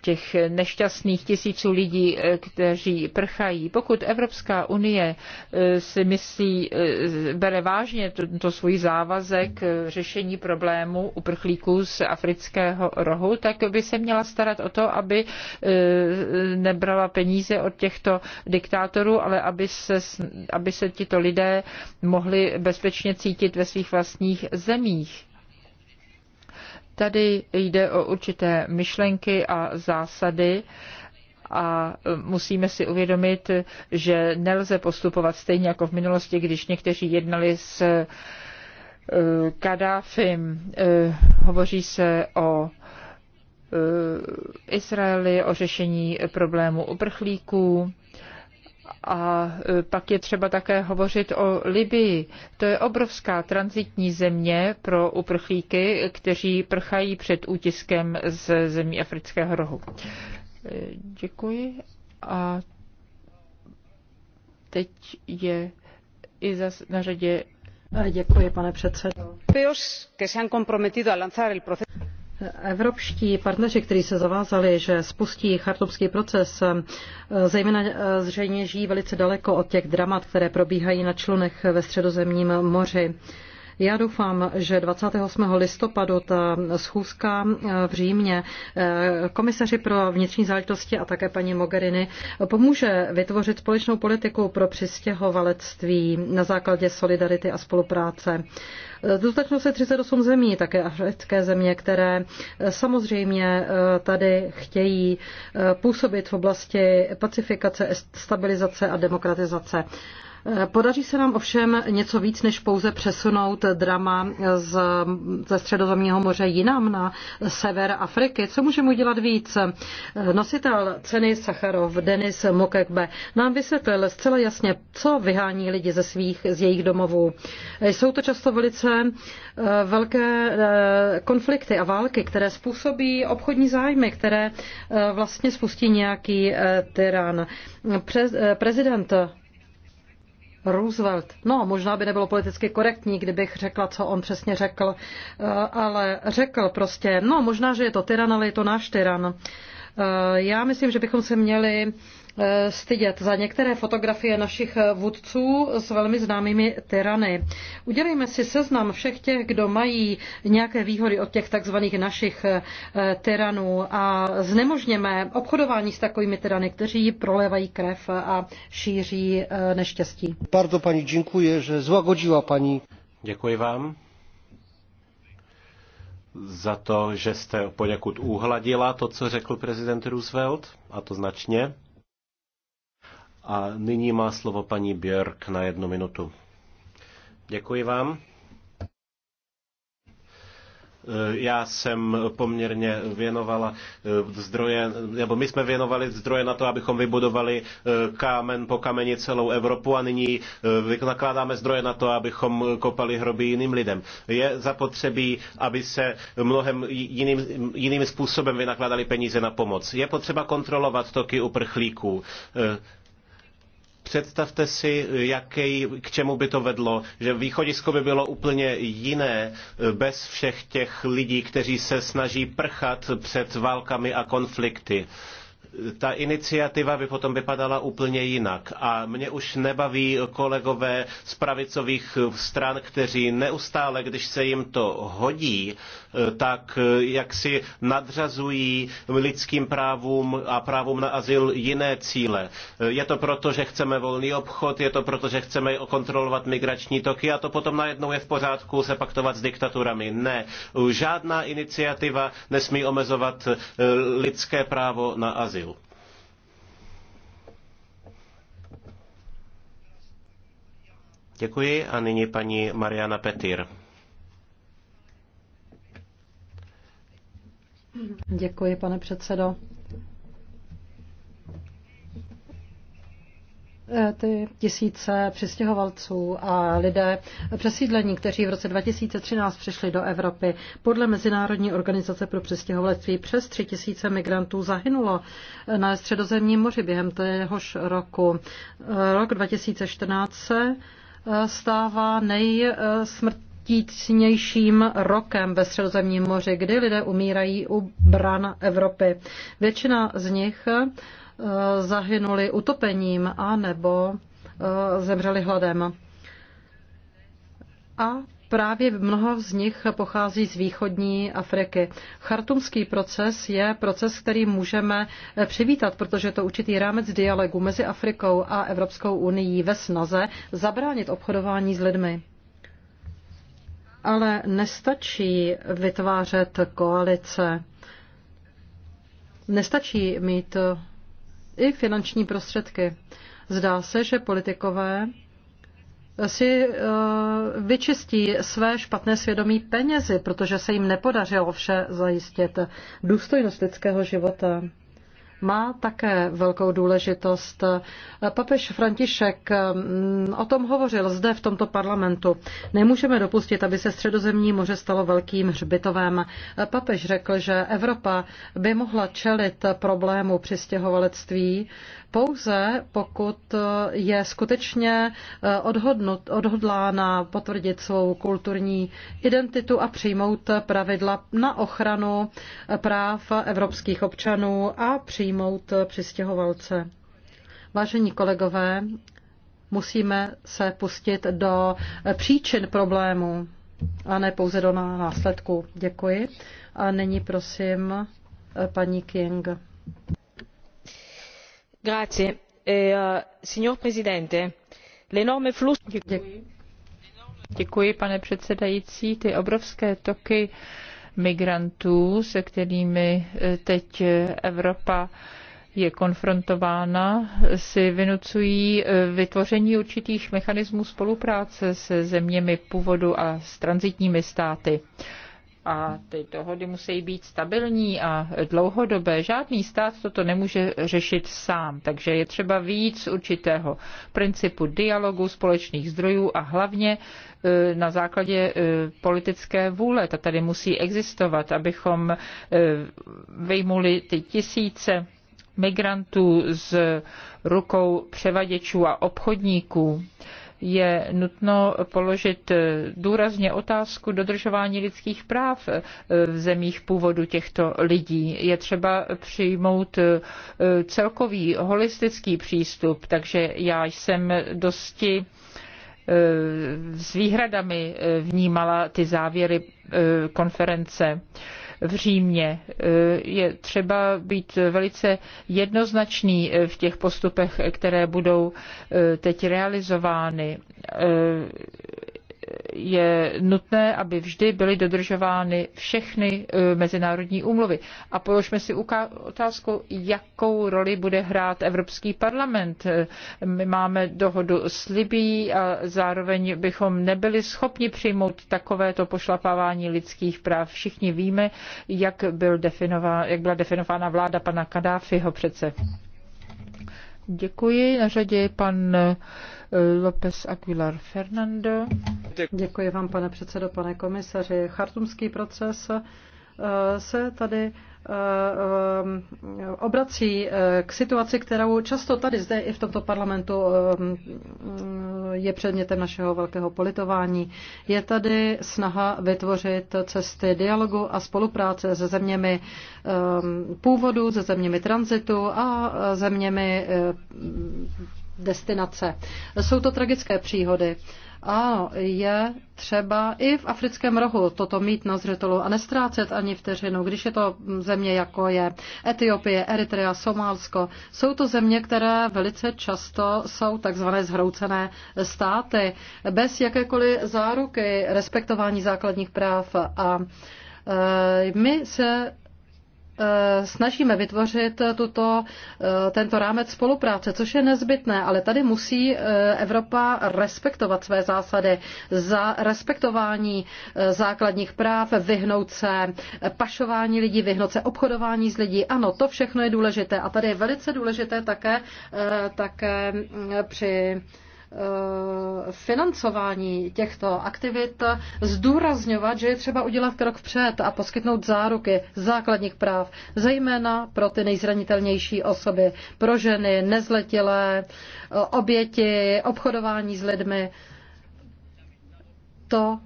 těch nešťastných tisíců lidí, eh, kteří prchají. Pokud Evropská unie eh, si myslí, eh, bere vážně tento svůj závazek řešení problému uprchlíků z afrického rohu, tak by se měla starat o to, aby nebrala peníze od těchto diktátorů, ale aby se, aby se tito lidé mohli bezpečně cítit ve svých vlastních zemích Tady jde o určité myšlenky a zásady, a e, musíme si uvědomit, že nelze postupovat stejně jako v minulosti, když někteří jednali s e, Kadáfim. E, hovoří se o Izraeli, o řešení problému uprchlíků. A e, pak je třeba také hovořit o Libii. To je obrovská transitní země pro uprchlíky, kteří prchají před útiskem z zemí Afrického rohu. E, děkuji. A teď je i zas na řadě. E, děkuji, pane předsedo. Evropští partneři, kteří se zavázali, že spustí chartumský proces, eh, zejména eh, zřejmě žijí velice daleko od těch dramat, které probíhají na člunech ve středozemním moři. Já doufám, že 28. listopadu ta schůzka eh, v Římě eh, komisaři pro vnitřní záležitosti a také paní Mogherini pomůže vytvořit společnou politiku pro přistěhovalectví na základě solidarity a spolupráce. Eh, Dostačilo se 38 zemí, také africké země, které samozřejmě tady chtějí působit v oblasti pacifikace, stabilizace a demokratizace. Podaří se nám ovšem něco víc, než pouze přesunout drama z, ze Středozemního moře jinam na sever Afriky. Co můžeme udělat víc? Nositel ceny Sacharov Denis Mukekbe nám vysvětlil zcela jasně, co vyhání lidi ze svých, z jejich domovů. Jsou to často velice eh, velké eh, konflikty a války, které způsobí obchodní zájmy, které eh, vlastně spustí nějaký tyran. prezident Roosevelt. No, možná by nebylo politicky korektní, kdybych řekla, co on přesně řekl, eh, ale řekl prostě, no možná, že je to tyran, ale je to náš tyran. Eh, já myslím, že bychom se měli Eh, stydět za některé fotografie našich eh, vůdců s velmi známými tyrany. Udělejme si seznam všech těch, kdo mají nějaké výhody od těch takzvaných našich eh, tyranů a znemožněme obchodování s takovými tyrany, kteří prolévají krev a šíří neštěstí. Bardzo pani děkuji, že złagodziła pani. Děkuji vám za to, že jste poněkud uhladila to, co řekl prezident Roosevelt, a to značně. A nyní má slovo paní Björk na jednu minutu. Děkuji vám. Já jsem poměrně věnovala eh, zdroje, nebo my jsme věnovali zdroje na to, abychom vybudovali eh, kámen po kameni celou Evropu a nyní nakládáme eh, zdroje na to, abychom kopali hroby jiným lidem. Je zapotřebí, aby se mnohem jiným, jiným způsobem vynakládali peníze na pomoc. Je potřeba kontrolovat toky uprchlíků Představte si, jaký, k čemu by to vedlo, že východisko by bylo úplně jiné eh, bez všech těch lidí, kteří se snaží prchat před válkami a konflikty ta iniciativa by potom vypadala úplně jinak. A mě už nebaví kolegové z pravicových stran, kteří neustále, když se jim to hodí, tak jak si nadřazují lidským právům a právům na azyl jiné cíle. Je to proto, že chceme volný obchod, je to proto, že chceme kontrolovat migrační toky a to potom najednou je v pořádku se paktovat s diktaturami. Ne, žádná iniciativa nesmí omezovat lidské právo na azyl. Brazil. Děkuji a nyní paní Mariana Petir. Děkuji, pane předsedo. Eh, ty tisíce přistěhovalců a lidé přesídlení, kteří v roce 2013 přišli do Evropy. Podle Mezinárodní organizace pro přistěhovalectví přes tři tisíce migrantů zahynulo eh, na středozemním moři během téhož roku. Eh, rok 2014 se stává nejsmrt tícnějším rokem ve Středozemním moři, kdy lidé umírají u bran Evropy. Většina z nich Eh, zahynuli utopením a nebo eh, zemřeli hladem. A právě mnoho z nich pochází z východní Afriky. Chartumský proces je proces, který můžeme eh, přivítat, protože je to určitý rámec dialogu mezi Afrikou a Evropskou unii ve snaze zabránit obchodování s lidmi. Ale nestačí vytvářet koalice. Nestačí mít i finanční prostředky. Zdá se, že politikové si eh, vyčistí své špatné svědomí penězi, protože se jim nepodařilo vše zajistit. Důstojnost lidského života má také velkou důležitost. Papež František mm, o tom hovořil zde v tomto parlamentu. Nemůžeme dopustit, aby se středozemní moře stalo velkým hřbitovem. Papež řekl, že Evropa by mohla čelit problému přistěhovalectví pouze pokud je skutečně eh, odhodnut, odhodlána potvrdit svou kulturní identitu a přijmout pravidla na ochranu práv evropských občanů a přijmout přijmout přistěhovalce. Vážení kolegové, musíme se pustit do příčin problému a ne pouze do následku. Děkuji. A nyní prosím eh, paní King. Grazie. E, uh, signor Presidente, l'enorme flusso... Děkuji. Děkuji, pane předsedající. Ty obrovské toky migrantů, se kterými eh, teď eh, Evropa je konfrontována, si vynucují eh, vytvoření určitých mechanismů spolupráce se zeměmi původu a s transitními státy. A ty dohody musí být stabilní a dlouhodobé. Žádný stát toto nemůže řešit sám, takže je třeba víc určitého principu dialogu, společných zdrojů a hlavně e, na základě e, politické vůle. Ta tady musí existovat, abychom e, vyjmuli ty tisíce migrantů z rukou převaděčů a obchodníků je nutno položit důrazně otázku dodržování lidských práv v zemích původu těchto lidí. Je třeba přijmout eh, celkový holistický přístup, takže já jsem dosti eh, s výhradami eh, vnímala ty závěry konference v Římě. Eh, je třeba být velice jednoznačný eh, v těch postupech, které budou eh, teď realizovány je nutné, aby vždy byly dodržovány všechny e, mezinárodní úmluvy. A položme si otázku, jakou roli bude hrát Evropský parlament. E, my máme dohodu s Libí a zároveň bychom nebyli schopni přijmout takovéto pošlapávání lidských práv. Všichni víme, jak, byl definová, jak byla definována vláda pana Kadáfiho přece. Děkuji. Na řadě je pan eh, López Aguilar Fernando. Děkuji vám, pane předsedo, pane komisaři. Chartumský proces se tady eh, eh, obrací eh, k situaci, kterou často tady zde i v tomto parlamentu je předmětem našeho velkého politování. Je tady snaha vytvořit cesty dialogu a spolupráce se zeměmi původu, se zeměmi tranzitu a zeměmi destinace. Jsou to tragické příhody. Ano, je třeba i v africkém rohu toto mít na zřetelu a nestrácet ani vteřinu, když je to země jako je Etiopie, Eritrea, Somálsko. Jsou to země, které velice často jsou takzvané zhroucené státy, bez jakékoliv záruky respektování základních práv a e, my se Eh, snažíme vytvořit eh, tuto, eh, tento rámec spolupráce, což je nezbytné, ale tady musí Evropa respektovat své zásady za respektování základních práv, vyhnout se pašování lidí, vyhnout se obchodování s lidí. Ano, to všechno je důležité a tady je velice důležité také, také mm, při Eh, financování těchto aktivit zdůrazňovat, že je třeba udělat krok před a poskytnout záruky základních práv, zejména pro ty nejzranitelnější osoby, pro ženy, nezletilé, eh, oběti, obchodování s lidmi. To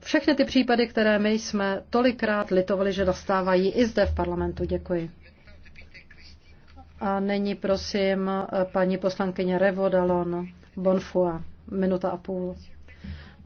všechny ty případy, které my jsme tolikrát litovali, že dostávají i zde v parlamentu. Děkuji. A nyní prosím eh, paní poslankyně Dalon. Bonfua, minuta a půl.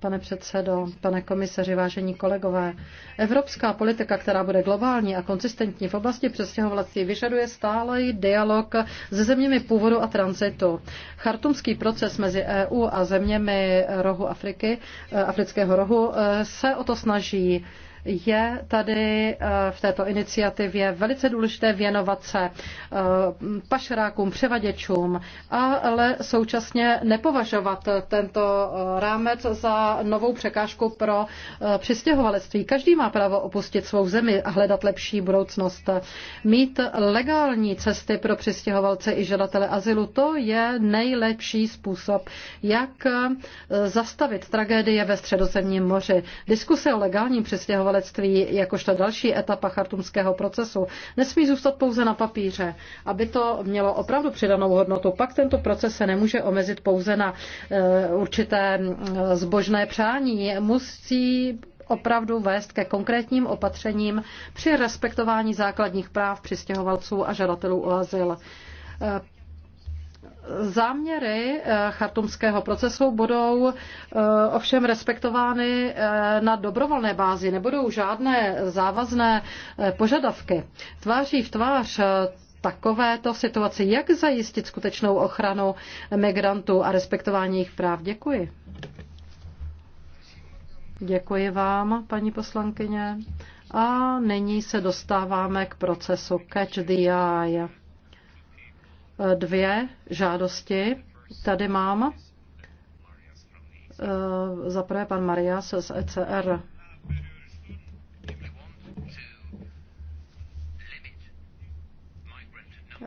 Pane předsedo, pane komisaři, vážení kolegové, evropská politika, která bude globální a konsistentní v oblasti přestěhovalectví, vyžaduje stále dialog se zeměmi původu a transitu. Chartumský proces mezi EU a zeměmi rohu Afriky, eh, afrického rohu, eh, se o to snaží je tady eh, v této iniciativě velice důležité věnovat se eh, pašerákům, převaděčům, ale současně nepovažovat tento eh, rámec za novou překážku pro přistěhovalectví. Každý má právo opustit svou zemi a hledat lepší budoucnost. Mít legální cesty pro přistěhovalce i žadatele azylu, to je nejlepší způsob, jak zastavit tragédie ve středozemním moři. Diskuse o legálním přistěhovalství přistěhovalectví jakožto další etapa chartumského procesu nesmí zůstat pouze na papíře. Aby to mělo opravdu přidanou hodnotu, pak tento proces se nemůže omezit pouze na eh, určité eh, zbožné přání. Musí opravdu vést ke konkrétním opatřením při respektování základních práv přistěhovalců a žadatelů o azyl eh, Záměry eh, chartumského procesu budou eh, ovšem respektovány eh, na dobrovolné bázi, nebudou žádné závazné požadavky. Tváří v tvář takovéto situaci, jak zajistit skutečnou ochranu migrantů a respektování jejich práv. Děkuji. Děkuji vám, paní poslankyně. A nyní se dostáváme k procesu Catch the Eye dvě žádosti. Tady mám eh, zaprvé pan Marias z ECR.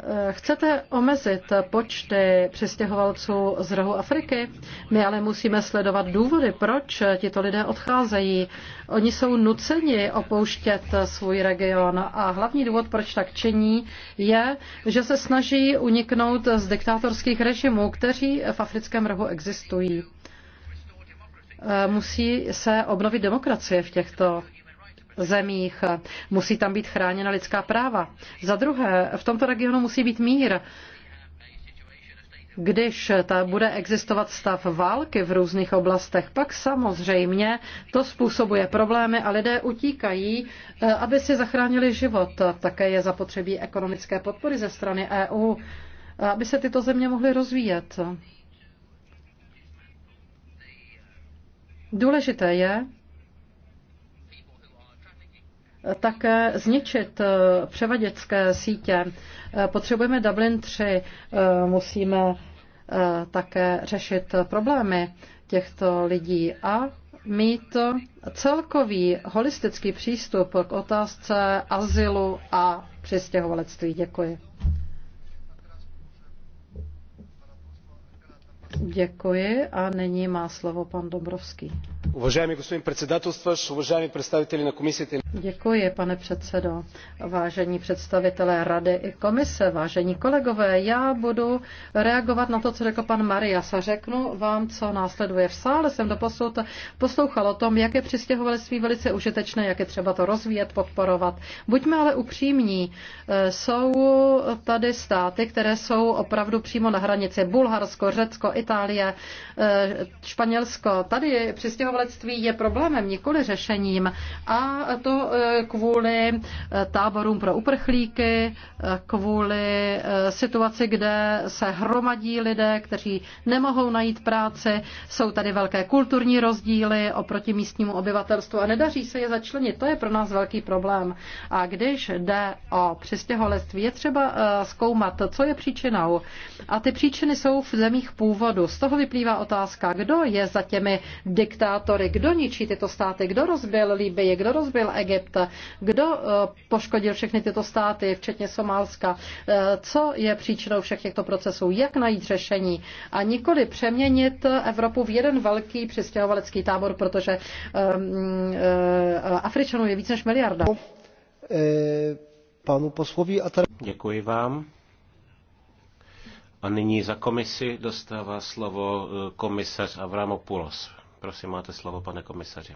Eh, chcete omezit počty přistěhovalců z rohu Afriky? My ale musíme sledovat důvody, proč tito lidé odcházejí. Oni jsou nuceni opouštět svůj region a hlavní důvod, proč tak činí, je, že se snaží uniknout z diktátorských režimů, kteří v africkém rohu existují. Eh, musí se obnovit demokracie v těchto zemích. Musí tam být chráněna lidská práva. Za druhé, v tomto regionu musí být mír. Když ta bude existovat stav války v různých oblastech, pak samozřejmě to způsobuje problémy a lidé utíkají, eh, aby si zachránili život. Také je zapotřebí ekonomické podpory ze strany EU, eh, aby se tyto země mohly rozvíjet. Důležité je, také zničit eh, převaděcké sítě. Eh, potřebujeme Dublin 3, eh, musíme také řešit problémy těchto lidí a mít celkový holistický přístup k otázce azylu a přistěhovalectví. Děkuji. Děkuji a nyní má slovo pan Dobrovský. Уважаеми господин председателстващ, уважаеми представители на комисията. Děkuji, pane předsedo. Vážení představitelé rady i komise, vážení kolegové, já budu reagovat na to, co řekl pan Marias a řeknu vám, co následuje. V sále jsem doposud poslouchal o tom, jak je přistěhovalectví velice užitečné, jak je třeba to rozvíjet, podporovat. Buďme ale upřímní. Eh, jsou tady státy, které jsou opravdu přímo na hranici. Bulharsko, Řecko, Itálie, Itálie, eh, Španělsko. Tady přistěhovalectví je problémem, nikoli řešením. A to eh, kvůli eh, táborům pro uprchlíky, kvůli situaci, kde se hromadí lidé, kteří nemohou najít práci. Jsou tady velké kulturní rozdíly oproti místnímu obyvatelstvu a nedaří se je začlenit. To je pro nás velký problém. A když jde o přistěhovalectví, je třeba zkoumat, co je příčinou. A ty příčiny jsou v zemích původu národů. Z toho vyplývá otázka, kdo je za těmi diktátory, kdo ničí tyto státy, kdo rozbil Libii, kdo rozbil Egypt, kdo eh, poškodil všechny tyto státy, včetně Somálska, eh, co je příčinou všech těchto procesů, jak najít řešení a nikoli přeměnit Evropu v jeden velký přistěhovalecký tábor, protože ehm, eh, Afričanů je víc než miliarda. Panu poslovi a Děkuji vám. A nyní za komisi dostává slovo e, komisař Avramopoulos. Prosím, máte slovo, pane komisaři.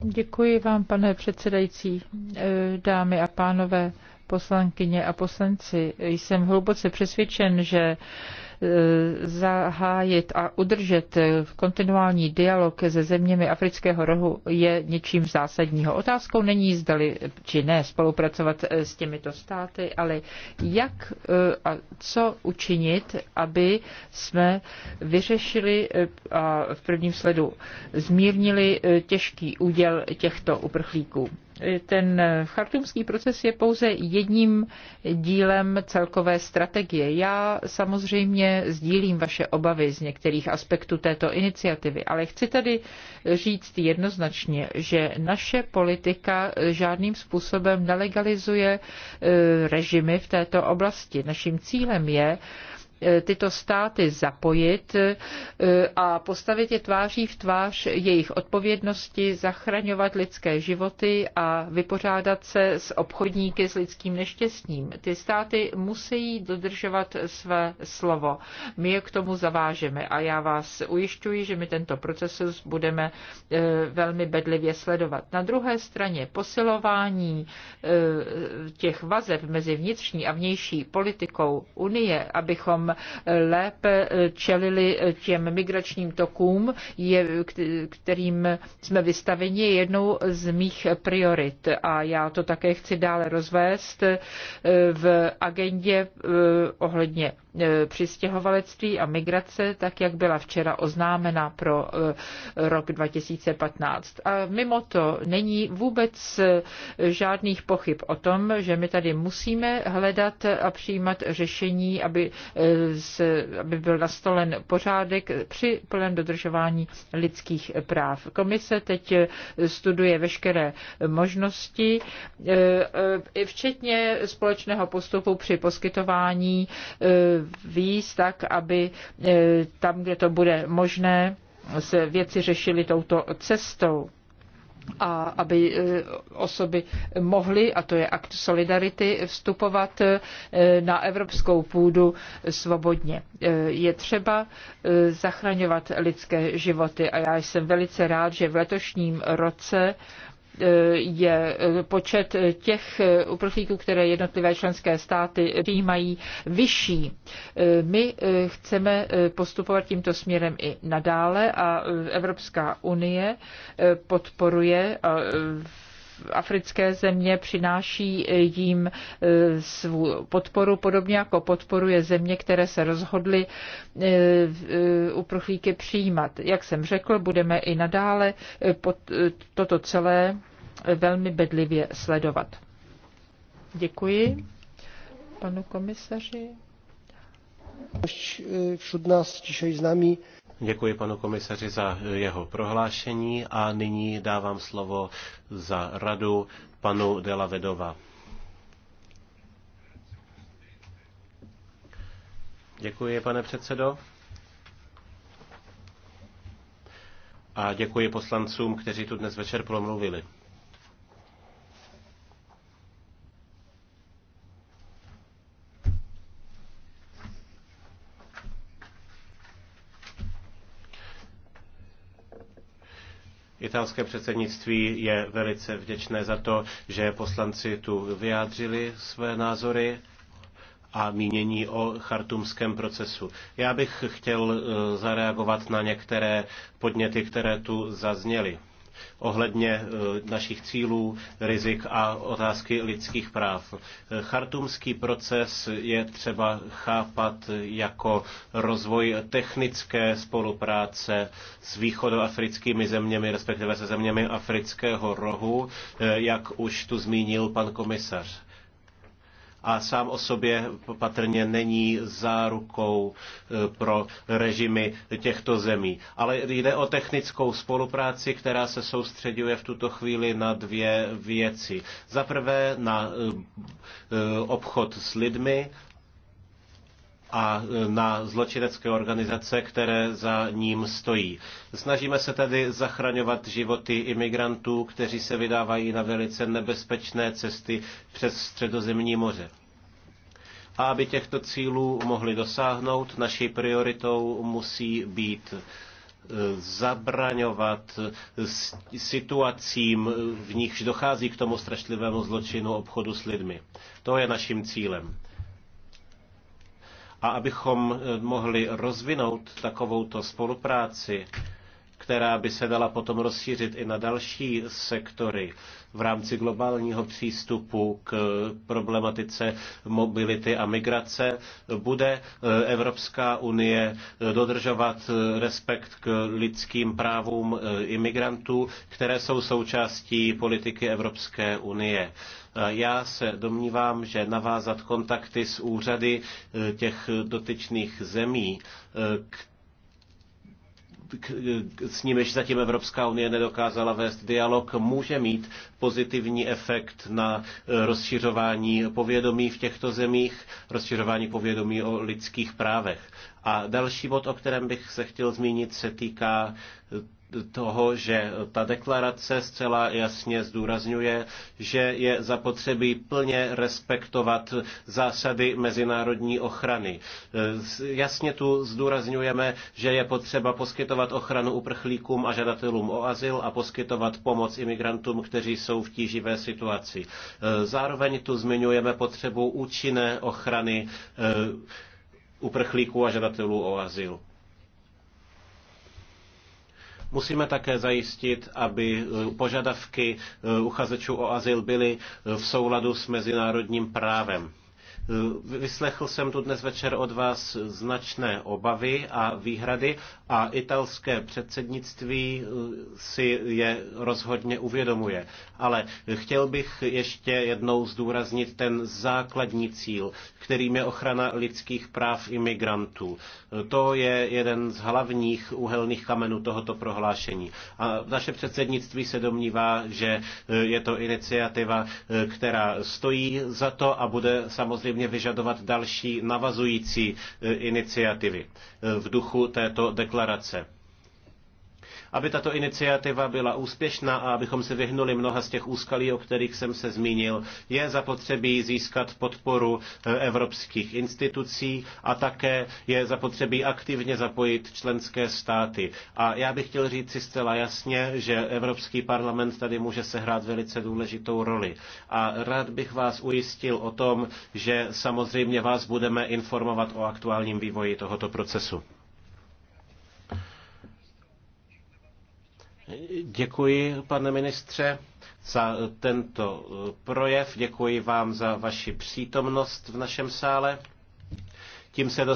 Děkuji vám, pane předsedající, e, dámy a pánové, poslankyně a poslanci. Jsem hluboce přesvědčen, že Eh, zahájit a udržet kontinuální dialog se zeměmi Afrického rohu je něčím zásadního. Otázkou není, zdali či ne spolupracovat eh, s těmito státy, ale jak eh, a co učinit, aby jsme vyřešili a v prvním sledu zmírnili těžký úděl těchto uprchlíků ten chartumský proces je pouze jedním dílem celkové strategie. Já samozřejmě sdílím vaše obavy z některých aspektů této iniciativy, ale chci tady říct jednoznačně, že naše politika žádným způsobem nelegalizuje eh, režimy v této oblasti. Naším cílem je, Eh, tyto státy zapojit eh, a postavit je tváří v tvář jejich odpovědnosti, zachraňovat lidské životy a vypořádat se s obchodníky s lidským neštěstím. Ty státy musí dodržovat své slovo. My je k tomu zavážeme a já vás ujišťuji, že my tento proces budeme eh, velmi bedlivě sledovat. Na druhé straně posilování těch vazeb mezi vnitřní a vnější politikou Unie, abychom lépe čelili těm migračním tokům, kterým jsme vystaveni, je jednou z mých priorit. A já to také chci dále rozvést eh, v agendě eh, ohledně E, přistěhovalectví a migrace, tak jak byla včera oznámena pro e, rok 2015. A mimo to není vůbec e, žádných pochyb o tom, že my tady musíme hledat a přijímat řešení, aby, se, aby byl nastolen pořádek při plném dodržování lidských práv. Komise teď studuje veškeré možnosti, včetně společného postupu při poskytování víz, tak aby e, tam, kde to bude možné, se věci řešily touto cestou a aby e, osoby mohly, a to je akt solidarity, vstupovat e, na evropskou půdu svobodně. Je třeba zachraňovat lidské životy a já jsem velice rád, že v letošním roce je eh, počet těch eh, uprchlíků, které jednotlivé členské státy přijímají, vyšší. Eh, my chceme postupovat tímto směrem i nadále a Evropská unie podporuje africké země, přináší jim e, svou podporu, podobně jako podporuje země, které se rozhodly e, e, uprchlíky přijímat. Jak jsem řekl, budeme i nadále pod toto celé velmi bedlivě sledovat. Děkuji panu komisaři. Všud nás dzisiaj z Děkuji panu komisaři za jeho prohlášení a nyní dávám slovo za radu panu Dela Vedova. Děkuji, pane předsedo. A děkuji poslancům, kteří tu dnes večer promluvili. Italské předsednictví je velice vděčné za to, že poslanci tu vyjádřili své názory a mínění o chartumském procesu. Já bych chtěl eh, zareagovat na některé podněty, které tu zazněly ohledně eh, našich cílů, rizik a otázky lidských práv. Eh, chartumský proces je třeba chápat jako rozvoj technické spolupráce s východoafrickými zeměmi, respektive se zeměmi afrického rohu, eh, jak už tu zmínil pan komisař a sám o sobě patrně není zárukou e, pro režimy těchto zemí. Ale jde o technickou spolupráci, která se soustředuje v tuto chvíli na dvě věci. Za prvé na e, e, obchod s lidmi a e, na zločinecké organizace, které za ním stojí. Snažíme se tedy zachraňovat životy imigrantů, kteří se vydávají na velice nebezpečné cesty přes středozemní moře. A aby těchto cílů mohli dosáhnout, naší prioritou musí být e, zabraňovat e, situacím, v nichž dochází k tomu strašlivému zločinu obchodu s lidmi. To je naším cílem. A abychom eh, mohli rozvinout takovouto spolupráci, která by se dala potom rozšířit i na další sektory v rámci globálního přístupu k eh, problematice mobility a migrace, bude eh, Evropská unie dodržovat respekt k lidským právům imigrantů, které jsou součástí politiky Evropské unie. Já se domnívám, že navázat kontakty s úřady e, těch dotyčných zemí, e, k s nimiž zatím Evropská unie nedokázala vést dialog, může mít pozitivní efekt na e, rozšiřování povědomí v těchto zemích, rozšiřování povědomí o lidských právech. A další bod, o kterém bych se chtěl zmínit, se týká toho, že ta deklarace zcela jasně zdůrazňuje, že je zapotřebí plně respektovat zásady mezinárodní ochrany. E, jasně tu zdůrazňujeme, že je potřeba poskytovat ochranu uprchlíkům a žadatelům o azyl a poskytovat pomoc imigrantům, kteří jsou v tíživé situaci. E, zároveň tu zmiňujeme potřebu účinné ochrany e, uprchlíků a žadatelů o azyl. Musíme také zajistit, aby eh, požadavky eh, uchazečů o azyl byly eh, v souladu s mezinárodním právem. Eh, vyslechl jsem tu dnes večer od vás značné obavy a výhrady a italské předsednictví eh, si je rozhodně uvědomuje. Ale chtěl bych ještě jednou zdůraznit ten základní cíl, kterým je ochrana lidských práv imigrantů. Eh, to je jeden z hlavních úhelných kamenů tohoto prohlášení. A naše předsednictví se domnívá, že je to iniciativa, která stojí za to a bude samozřejmě samozřejmě vyžadovat další navazující e, iniciativy e, v duchu této deklarace aby tato iniciativa byla úspěšná a abychom se vyhnuli mnoha z těch úskalí, o kterých jsem se zmínil, je zapotřebí získat podporu eh, evropských institucí a také je zapotřebí aktivně zapojit členské státy. A já bych chtěl říct si zcela jasně, že Evropský parlament tady může sehrát velice důležitou roli. A rád bych vás ujistil o tom, že samozřejmě vás budeme informovat o aktuálním vývoji tohoto procesu. Děkuji, pane ministře, za tento eh, projev. Děkuji vám za vaši přítomnost v našem sále. Tím se